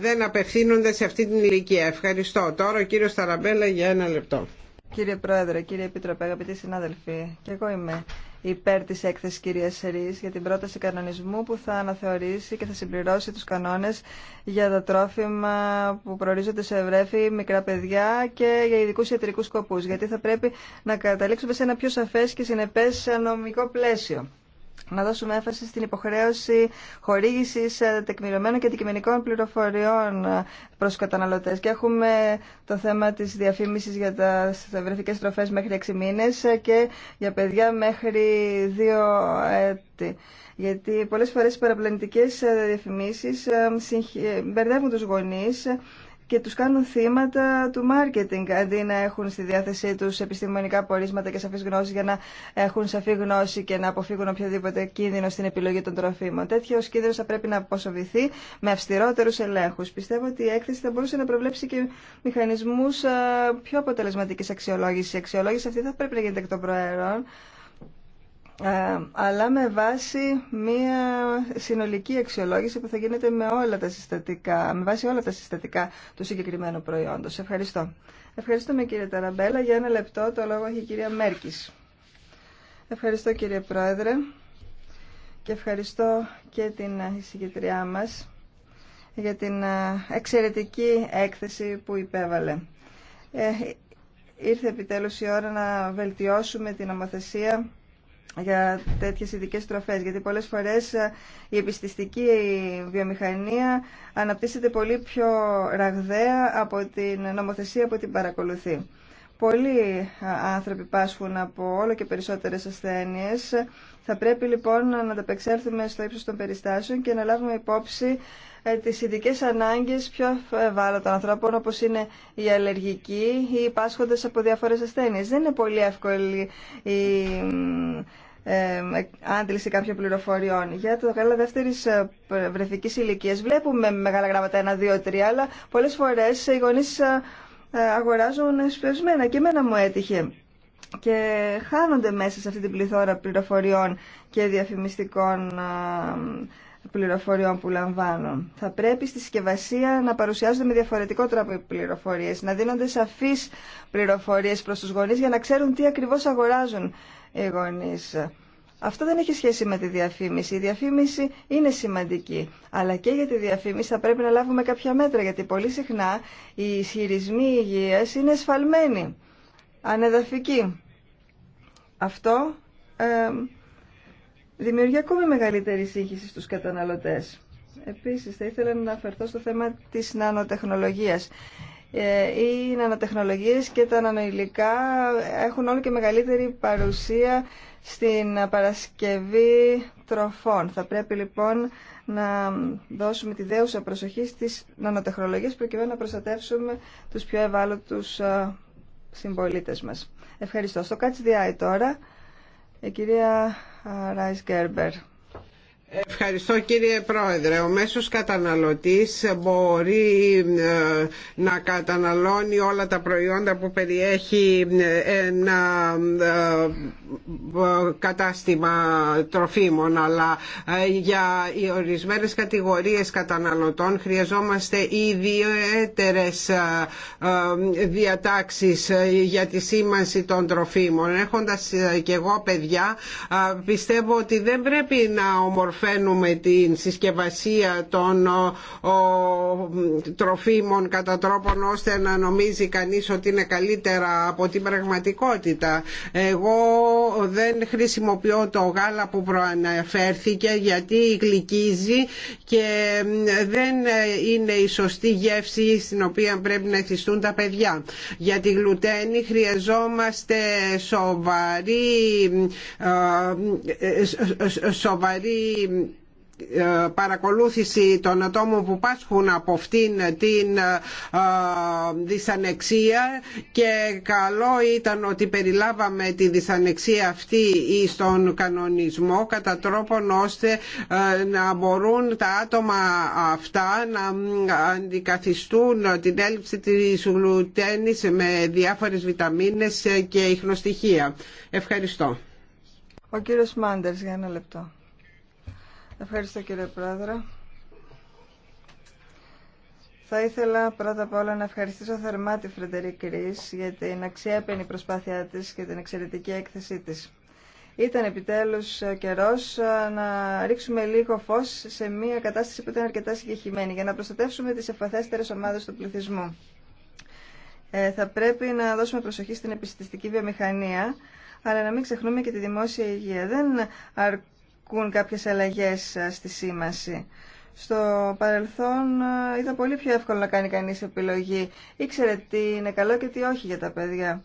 δεν απευθύνονται σε αυτή την ηλικία. Ευχαριστώ. Τώρα ο κύριος Ταραμπέλα για ένα λεπτό. Κύριε Πρόεδρε, κύριε Επιτροπέ, αγαπητοί συνάδελφοι, και εγώ είμαι υπέρ της έκθεση κυρίας Σερή για την πρόταση κανονισμού που θα αναθεωρήσει και θα συμπληρώσει τους κανόνες για τα τρόφιμα που προορίζονται σε βρέφη, μικρά παιδιά και για ειδικού ιατρικούς σκοπούς. Γιατί θα πρέπει να καταλήξουμε σε ένα πιο σαφές και συνεπές νομικό πλαίσιο να δώσουμε έμφαση στην υποχρέωση χορήγηση ε, τεκμηριωμένων και αντικειμενικών πληροφοριών ε, προ καταναλωτέ. Και έχουμε το θέμα τη διαφήμιση για τα βρεφικέ τροφέ μέχρι 6 μήνε ε, και για παιδιά μέχρι 2 έτη. Γιατί πολλέ φορέ οι παραπλανητικέ διαφημίσει μπερδεύουν του γονεί και τους κάνουν θύματα του μάρκετινγκ αντί να έχουν στη διάθεσή τους επιστημονικά πορίσματα και σαφείς γνώσεις για να έχουν σαφή γνώση και να αποφύγουν οποιοδήποτε κίνδυνο στην επιλογή των τροφίμων. Τέτοιος κίνδυνος θα πρέπει να αποσοβηθεί με αυστηρότερους ελέγχους. Πιστεύω ότι η έκθεση θα μπορούσε να προβλέψει και μηχανισμούς ε, πιο αποτελεσματικής αξιολόγησης. Η αξιολόγηση αυτή θα πρέπει να γίνεται εκ των προέρων ε, αλλά με βάση μια συνολική αξιολόγηση που θα γίνεται με, όλα τα συστατικά, με βάση όλα τα συστατικά του συγκεκριμένου προϊόντος. Ευχαριστώ. Ευχαριστούμε κύριε Ταραμπέλα. Για ένα λεπτό το λόγο έχει η κυρία Μέρκης. Ευχαριστώ κύριε Πρόεδρε και ευχαριστώ και την συγκεκριά μας για την ε, εξαιρετική έκθεση που υπέβαλε. Ε, ήρθε επιτέλους η ώρα να βελτιώσουμε την ομοθεσία για τέτοιες ειδικέ τροφέ, γιατί πολλές φορές ε, η επιστηστική βιομηχανία αναπτύσσεται πολύ πιο ραγδαία από την νομοθεσία που την παρακολουθεί. Πολλοί ε, άνθρωποι πάσχουν από όλο και περισσότερες ασθένειες θα πρέπει λοιπόν να ανταπεξέλθουμε στο ύψος των περιστάσεων και να λάβουμε υπόψη ε, τις ειδικέ ανάγκες πιο ευάλωτων ανθρώπων όπως είναι οι αλλεργικοί ή οι πάσχοντες από διάφορες ασθένειες. Δεν είναι πολύ εύκολη η ε, ε άντληση κάποιων πληροφοριών. Για το γάλα δεύτερη ε, βρεφική ηλικία βλέπουμε μεγάλα γράμματα 1, 2, 3, αλλά πολλέ φορέ οι γονεί αγοράζουν σπιωσμένα. Και εμένα μου έτυχε και χάνονται μέσα σε αυτή την πληθώρα πληροφοριών και διαφημιστικών πληροφοριών που λαμβάνουν. Θα πρέπει στη συσκευασία να παρουσιάζονται με διαφορετικό τρόπο οι πληροφορίες, να δίνονται σαφείς πληροφορίες προς τους γονείς για να ξέρουν τι ακριβώς αγοράζουν οι γονείς. Αυτό δεν έχει σχέση με τη διαφήμιση. Η διαφήμιση είναι σημαντική. Αλλά και για τη διαφήμιση θα πρέπει να λάβουμε κάποια μέτρα, γιατί πολύ συχνά οι ισχυρισμοί υγείας είναι εσφαλμένοι ανεδαφική. Αυτό δημιουργεί ακόμη μεγαλύτερη σύγχυση στους καταναλωτές. Επίσης, θα ήθελα να αναφερθώ στο θέμα της νανοτεχνολογίας. Ε, οι νανοτεχνολογίες και τα νανοηλικά έχουν όλο και μεγαλύτερη παρουσία στην παρασκευή τροφών. Θα πρέπει λοιπόν να δώσουμε τη δέουσα προσοχή στις νανοτεχνολογίες προκειμένου να προστατεύσουμε τους πιο ευάλωτους ε, συμπολίτε μα. Ευχαριστώ. Στο Κάτσι τώρα, η κυρία Ράις Γκέρμπερ. Ευχαριστώ κύριε Πρόεδρε. Ο μέσος καταναλωτής μπορεί ε, να καταναλώνει όλα τα προϊόντα που περιέχει ε, ένα ε, κατάστημα τροφίμων αλλά για οι ορισμένες κατηγορίες καταναλωτών χρειαζόμαστε ιδιαίτερες διατάξεις για τη σήμανση των τροφίμων. Έχοντας και εγώ παιδιά πιστεύω ότι δεν πρέπει να ομορφωθούμε φαίνουμε την συσκευασία των τροφίμων κατά τρόπον ώστε να νομίζει κανείς ότι είναι καλύτερα από την πραγματικότητα. Εγώ δεν χρησιμοποιώ το γάλα που προαναφέρθηκε γιατί γλυκίζει και δεν είναι η σωστή γεύση στην οποία πρέπει να εθιστούν τα παιδιά. Για τη γλουτένη χρειαζόμαστε σοβαρή, ε, σοβαρή ε, παρακολούθηση των ατόμων που πάσχουν από αυτήν την ε, δυσανεξία και καλό ήταν ότι περιλάβαμε τη δυσανεξία αυτή στον κανονισμό κατά τρόπον ώστε ε, να μπορούν τα άτομα αυτά να αντικαθιστούν την έλλειψη της γλουτένης με διάφορες βιταμίνες και ιχνοστοιχεία. Ευχαριστώ. Ο κύριος Μάντερς για ένα λεπτό. Ευχαριστώ κύριε Πρόεδρε. Θα ήθελα πρώτα απ' όλα να ευχαριστήσω θερμά τη Φρεντερή Κρίς για την αξιέπαινη προσπάθειά της και την εξαιρετική έκθεσή της. Ήταν επιτέλους καιρός να ρίξουμε λίγο φως σε μια κατάσταση που ήταν αρκετά συγκεχημένη για να προστατεύσουμε τις ευπαθέστερες ομάδες του πληθυσμού. Ε, θα πρέπει να δώσουμε προσοχή στην επιστηστική βιομηχανία αλλά να μην ξεχνούμε και τη δημόσια υγεία. Δεν διεκδικούν κάποιες αλλαγές ε, στη σήμανση. Στο παρελθόν ε, ήταν πολύ πιο εύκολο να κάνει κανείς επιλογή. Ήξερε τι είναι καλό και τι όχι για τα παιδιά.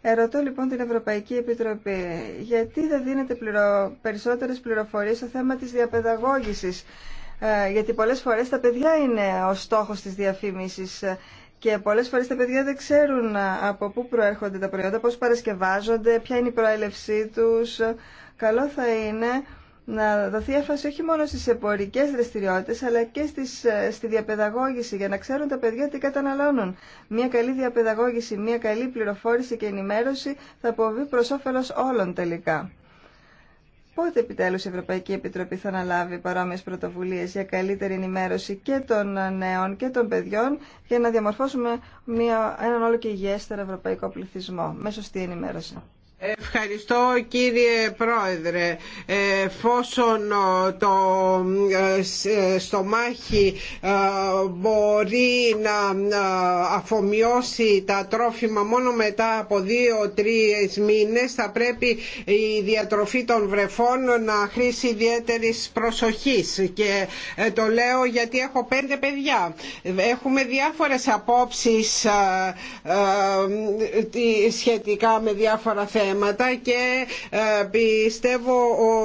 Ερωτώ λοιπόν την Ευρωπαϊκή Επιτροπή, γιατί δεν δίνεται πληρο... περισσότερες πληροφορίες στο θέμα της διαπαιδαγώγησης. Ε, γιατί πολλές φορές τα παιδιά είναι ο στόχος της διαφήμισης και πολλές φορές τα παιδιά δεν ξέρουν από πού προέρχονται τα προϊόντα, πώς παρασκευάζονται, ποια είναι η προέλευσή τους. Καλό θα είναι να δοθεί έφαση όχι μόνο στις εμπορικές δραστηριότητες αλλά και στις, ε, στη διαπαιδαγώγηση για να ξέρουν τα παιδιά τι καταναλώνουν. Μια καλή διαπαιδαγώγηση, μια καλή πληροφόρηση και ενημέρωση θα αποβεί προς όφελος όλων τελικά. Πότε επιτέλους η Ευρωπαϊκή Επιτροπή θα αναλάβει παρόμοιες πρωτοβουλίες για καλύτερη ενημέρωση και των νέων και των παιδιών για να διαμορφώσουμε μια, έναν όλο και υγιέστερο ευρωπαϊκό πληθυσμό με σωστή ενημέρωση. Ευχαριστώ κύριε Πρόεδρε. Εφόσον ε, το ε, ε, στομάχι μπορεί να αφομοιώσει τα τρόφιμα μόνο μετά από δύο-τρεις μήνες θα πρέπει η διατροφή των βρεφών να χρήσει ιδιαίτερη προσοχής και το λέω γιατί έχω πέντε παιδιά. Έχουμε διάφορες απόψεις σχετικά με διάφορα θέματα θέματα και ε, πιστεύω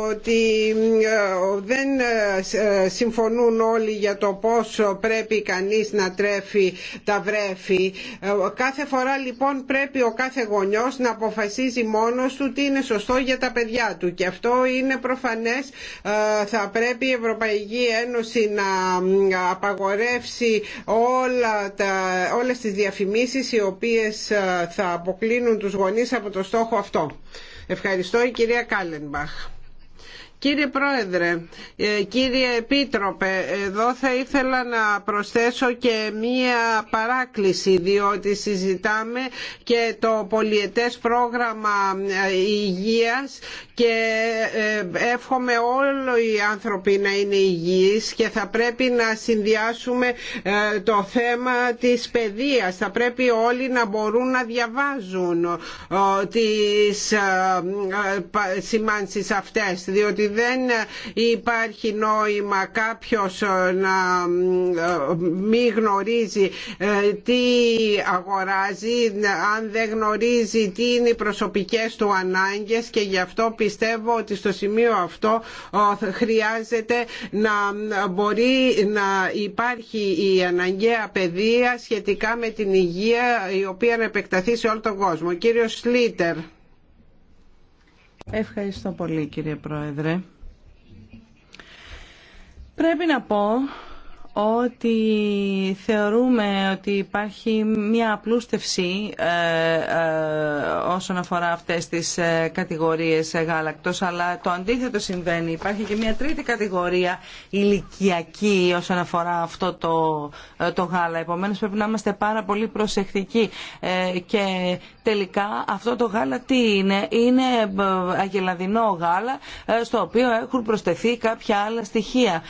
ότι ε, δεν ε, συμφωνούν όλοι για το πόσο πρέπει κανείς να τρέφει τα βρέφη. Κάθε φορά λοιπόν πρέπει ο κάθε γονιός να αποφασίζει μόνος του τι είναι σωστό για τα παιδιά του και αυτό είναι προφανές θα πρέπει η Ευρωπαϊκή Ένωση να απαγορεύσει όλα τα, όλες τις διαφημίσεις οι οποίες θα αποκλίνουν τους γονείς από το στόχο αυτό αυτό. Ευχαριστώ η κυρία Κάλενμπαχ. Κύριε Πρόεδρε, ε, κύριε Επίτροπε, εδώ θα ήθελα να προσθέσω και μία παράκληση διότι συζητάμε και το πολιετές πρόγραμμα ε, υγείας και ε, εύχομαι όλοι οι άνθρωποι να είναι υγιείς και θα πρέπει να συνδυάσουμε το θέμα της παιδείας. Θα πρέπει όλοι να μπορούν να διαβάζουν τις σημάνσεις αυτές διότι δεν υπάρχει νόημα κάποιος να μην γνωρίζει ε, τι αγοράζει αν δεν γνωρίζει τι είναι οι προσωπικές του ανάγκες και γι' αυτό πιστεύω ότι στο σημείο αυτό χρειάζεται να μπορεί να υπάρχει η αναγκαία παιδεία σχετικά με την υγεία η οποία να επεκταθεί σε όλο τον κόσμο. Κύριο κύριος Σλίτερ. Ευχαριστώ πολύ κύριε Πρόεδρε. Πρέπει να πω ότι θεωρούμε ότι υπάρχει μια απλούστευση ε, ε, όσον αφορά αυτές τις ε, κατηγορίες γάλακτος, αλλά το αντίθετο συμβαίνει. Υπάρχει και μια τρίτη κατηγορία ηλικιακή όσον αφορά αυτό το, το γάλα. Επομένως πρέπει να είμαστε πάρα πολύ προσεκτικοί. Και τελικά αυτό το γάλα τι είναι. Είναι αγελαδινό γάλα στο οποίο έχουν προσθεθεί κάποια άλλα στοιχεία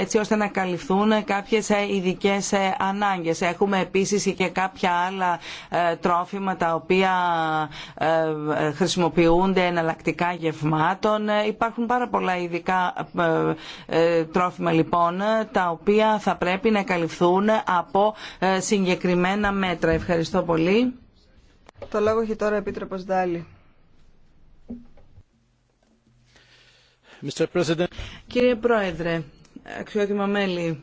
έτσι ώστε να καλυφθεί καλυφθούν κάποιες ε, ειδικέ ε, ανάγκες. Έχουμε επίσης και κάποια άλλα ε, τρόφιμα τα οποία χρησιμοποιούνται εναλλακτικά γευμάτων. Υπάρχουν πάρα πολλά ειδικά τρόφιμα λοιπόν τα οποία θα πρέπει να καλυφθούν από συγκεκριμένα μέτρα. Ευχαριστώ πολύ. Το λόγο έχει τώρα ο Επίτροπος Δάλη. Κύριε Πρόεδρε, αξιότιμα μέλη.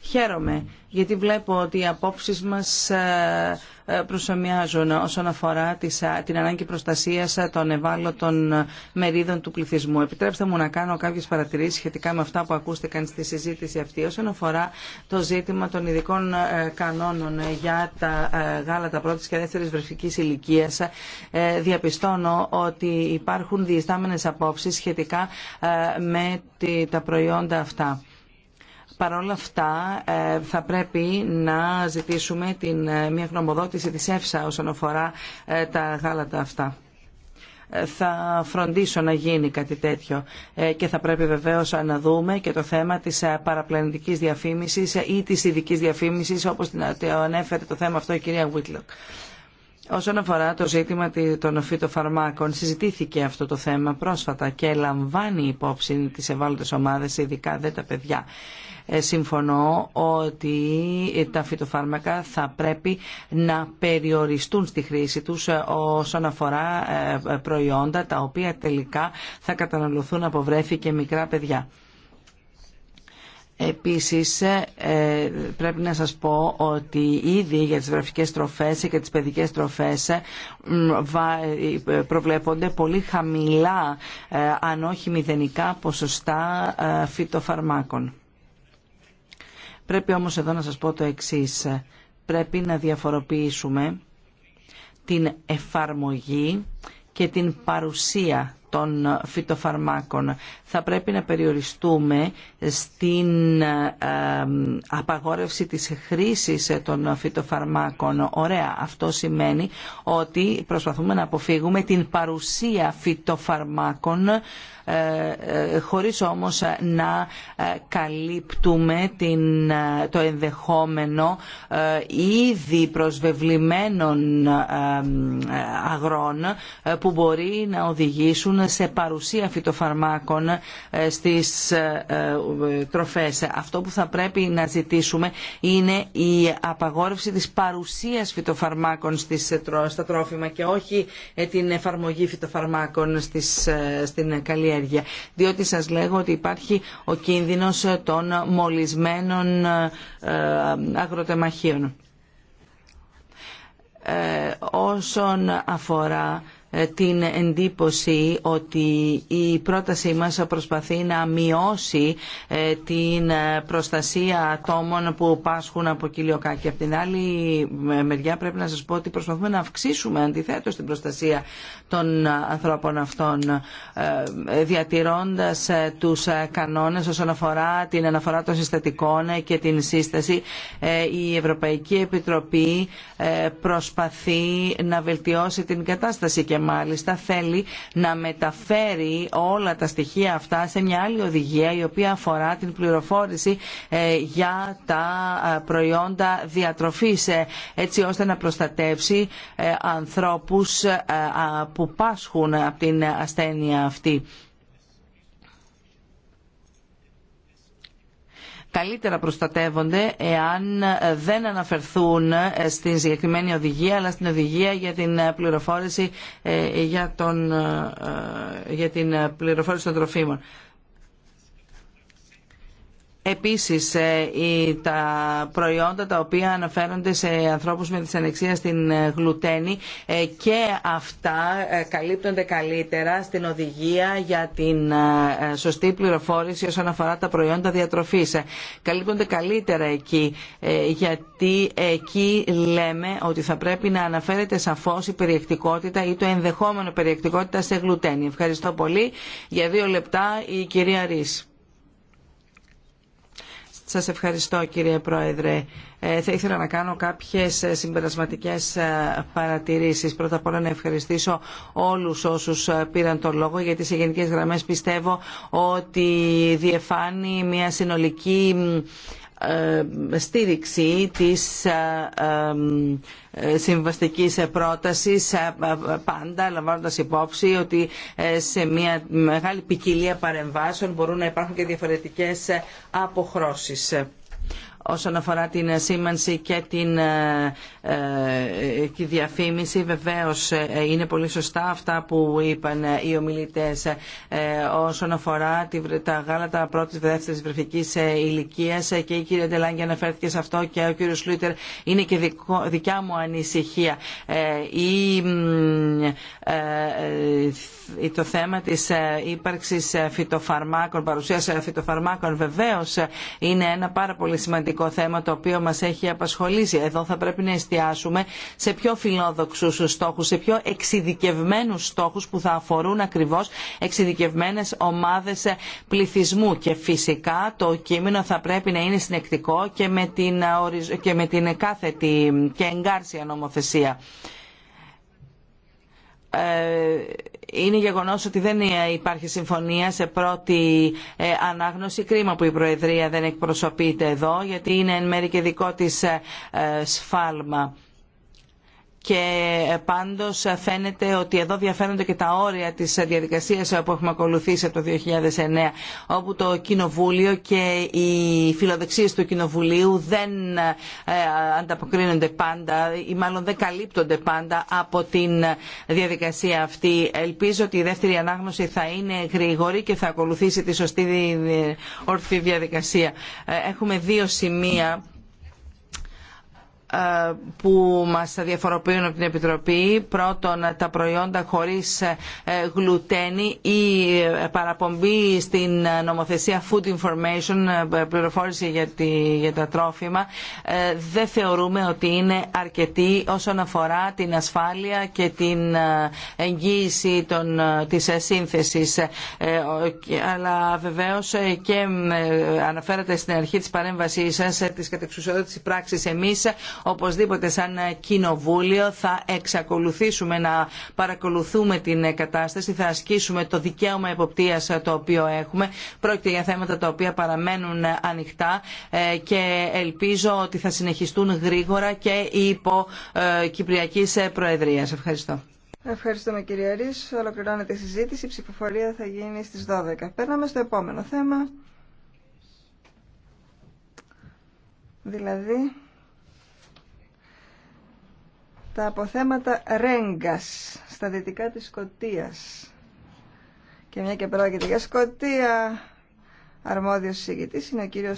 Χαίρομαι γιατί βλέπω ότι οι απόψεις μας ε, προσωμιάζουν όσον αφορά την ανάγκη προστασίας των ευάλωτων μερίδων του πληθυσμού. Επιτρέψτε μου να κάνω κάποιες παρατηρήσεις σχετικά με αυτά που ακούστηκαν στη συζήτηση αυτή όσον αφορά το ζήτημα των ειδικών κανόνων για τα γάλατα πρώτης και δεύτερης βρεφικής ηλικίας. Διαπιστώνω ότι υπάρχουν διεστάμενες απόψεις σχετικά με τα προϊόντα αυτά. Παρ' όλα αυτά ε, θα πρέπει να ζητήσουμε την, ε, μια γνωμοδότηση της ΕΦΣΑ όσον αφορά ε, τα γάλατα αυτά θα φροντίσω να γίνει κάτι τέτοιο και θα πρέπει βεβαίως να δούμε και το θέμα της παραπλανητικής διαφήμισης ή της ειδική διαφήμισης όπως ανέφερε το θέμα αυτό η κυρία Βίτλοκ. Όσον αφορά το ζήτημα των φυτοφαρμάκων, συζητήθηκε αυτό το θέμα πρόσφατα και λαμβάνει υπόψη τις ευάλωτες ομάδες, ειδικά δεν τα παιδιά. Ε, συμφωνώ ότι τα φυτοφάρμακα θα πρέπει να περιοριστούν στη χρήση τους ε, όσον αφορά ε, προϊόντα τα οποία τελικά θα καταναλωθούν από βρέφη και μικρά παιδιά. Επίσης πρέπει να σας πω ότι ήδη για τις βρεφικές τροφές και τις παιδικές τροφές προβλέπονται πολύ χαμηλά αν όχι μηδενικά ποσοστά φυτοφαρμάκων. Πρέπει όμως εδώ να σας πω το εξής. Πρέπει να διαφοροποιήσουμε την εφαρμογή και την παρουσία των φυτοφαρμάκων. Θα πρέπει να περιοριστούμε στην απαγόρευση της χρήσης των φυτοφαρμάκων. Ωραία, αυτό σημαίνει ότι προσπαθούμε να αποφύγουμε την παρουσία φυτοφαρμάκων ε, ε, χωρίς όμως να ε, καλύπτουμε την, το ενδεχόμενο ήδη προσβεβλημένων αγρών που μπορεί να οδηγήσουν σε παρουσία φυτοφαρμάκων ε, στις ε, ε, τροφές. Αυτό που θα πρέπει να ζητήσουμε είναι η απαγόρευση της παρουσίας φυτοφαρμάκων στα τρόφιμα και όχι την εφαρμογή φυτοφαρμάκων στην καλλιέργεια. Διότι σας λέγω ότι υπάρχει ο κίνδυνος των μολυσμένων αγροτεμαχίων. όσον αφορά ε, την εντύπωση ότι η πρότασή μας προσπαθεί να μειώσει ε, την ε, προστασία ατόμων που πάσχουν από κοιλιοκά. Και από την άλλη μεριά πρέπει να σας πω ότι προσπαθούμε να αυξήσουμε αντιθέτως την προστασία των ανθρώπων αυτών διατηρώντας τους κανόνες όσον αφορά την αναφορά των συστατικών και την σύσταση. Η Ευρωπαϊκή Επιτροπή προσπαθεί να βελτιώσει την κατάσταση και και μάλιστα θέλει να μεταφέρει όλα τα στοιχεία αυτά σε μια άλλη οδηγία η οποία αφορά την πληροφόρηση ε, για τα ε, προϊόντα διατροφής ε, έτσι ώστε να προστατεύσει ανθρώπους που πάσχουν από την ασθένεια αυτή. καλύτερα προστατεύονται εάν δεν αναφερθούν στην συγκεκριμένη οδηγία αλλά στην οδηγία για την πληροφόρηση ε, για, τον, ε, ε, για την πληροφόρηση των τροφίμων. Επίσης, ε, τα προϊόντα τα οποία αναφέρονται σε ανθρώπους με δυσανεξία στην ε, γλουτένη ε, και αυτά καλύπτονται καλύτερα στην οδηγία για την σωστή πληροφόρηση όσον αφορά τα προϊόντα διατροφής. Καλύπτονται καλύτερα εκεί, γιατί εκεί λέμε ότι θα πρέπει να αναφέρεται σαφώς η περιεκτικότητα ή το ενδεχόμενο περιεκτικότητα σε γλουτένη. Ευχαριστώ πολύ. Για δύο λεπτά η κυρία για δυο λεπτα η κυρια ριση σας ευχαριστώ κύριε Πρόεδρε. Ε, θα ήθελα να κάνω κάποιες συμπερασματικές ε, παρατηρήσεις. Πρώτα απ' όλα να ευχαριστήσω όλους όσους ε, πήραν τον λόγο γιατί σε γενικές γραμμές πιστεύω ότι διεφάνει μια συνολική ε, στήριξη της ε, ε, συμβαστικής πρότασης πάντα λαμβάνοντας υπόψη ότι σε μια μεγάλη ποικιλία παρεμβάσεων μπορούν να υπάρχουν και διαφορετικές αποχρώσεις όσον αφορά την σήμανση και την ε, ε, τη διαφήμιση. Βεβαίως ε, είναι πολύ σωστά αυτά που είπαν οι ομιλητές όσον αφορά τα γάλατα πρώτης δεύτερης βρεφικής ηλικίας και η κυρία Ντελάνγκη αναφέρθηκε σε αυτό και ο κύριος Λούιτερ είναι και δικό, δικιά μου ανησυχία. Η, το θέμα της ύπαρξης φυτοφαρμάκων, παρουσίας φυτοφαρμάκων βεβαίως είναι ένα πάρα πολύ σημαντικό σημαντικό θέμα το οποίο μας έχει απασχολήσει. Εδώ θα πρέπει να εστιάσουμε σε πιο φιλόδοξους στόχους, σε πιο εξειδικευμένους στόχους που θα αφορούν ακριβώς εξειδικευμένες ομάδες πληθυσμού. Και φυσικά το κείμενο θα πρέπει να είναι συνεκτικό και με την, και με την κάθετη και εγκάρσια νομοθεσία. Ε, είναι γεγονός ότι δεν υπάρχει συμφωνία σε πρώτη ε, ανάγνωση. Κρίμα που η Προεδρία δεν εκπροσωπείται εδώ, γιατί είναι εν μέρη και δικό της ε, ε, σφάλμα και πάντως φαίνεται ότι εδώ διαφέρονται και τα όρια της διαδικασίας που έχουμε ακολουθήσει από το 2009 όπου το Κοινοβούλιο και οι φιλοδεξίες του Κοινοβουλίου δεν ε, ανταποκρίνονται πάντα ή μάλλον δεν καλύπτονται πάντα από την διαδικασία αυτή. Ελπίζω ότι η δεύτερη ανάγνωση θα είναι γρήγορη και θα ακολουθήσει τη σωστή ορθή ε, διαδικασία. Ε, έχουμε δύο σημεία ε, που μας διαφοροποιούν από την Επιτροπή. Πρώτον, τα προϊόντα χωρίς ε, γλουτένη ή ε, παραπομπή στην νομοθεσία Food Information, πληροφόρηση για, για τα τρόφιμα, δεν θεωρούμε ότι είναι αρκετή όσον αφορά την ασφάλεια και την εγγύηση των, της σύνθεσης. Αλλά βεβαίως και αναφέρατε στην αρχή της παρέμβασής σας της κατεξουσιοδότησης πράξης εμείς Οπωσδήποτε σαν κοινοβούλιο θα εξακολουθήσουμε να παρακολουθούμε την κατάσταση, θα ασκήσουμε το δικαίωμα εποπτείας το οποίο έχουμε. Πρόκειται για θέματα τα οποία παραμένουν ανοιχτά ε, και ελπίζω ότι θα συνεχιστούν γρήγορα και υπό ε, Κυπριακής Προεδρίας. Ευχαριστώ. Ευχαριστούμε κυρία Ρης. Ολοκληρώνεται η συζήτηση. Η ψηφοφορία θα γίνει στις 12. Παίρναμε στο επόμενο θέμα. Δηλαδή τα αποθέματα Ρέγκας στα δυτικά της Σκοτίας. Και μια και πρόκειται για Σκοτία, αρμόδιος συγητής είναι ο κύριος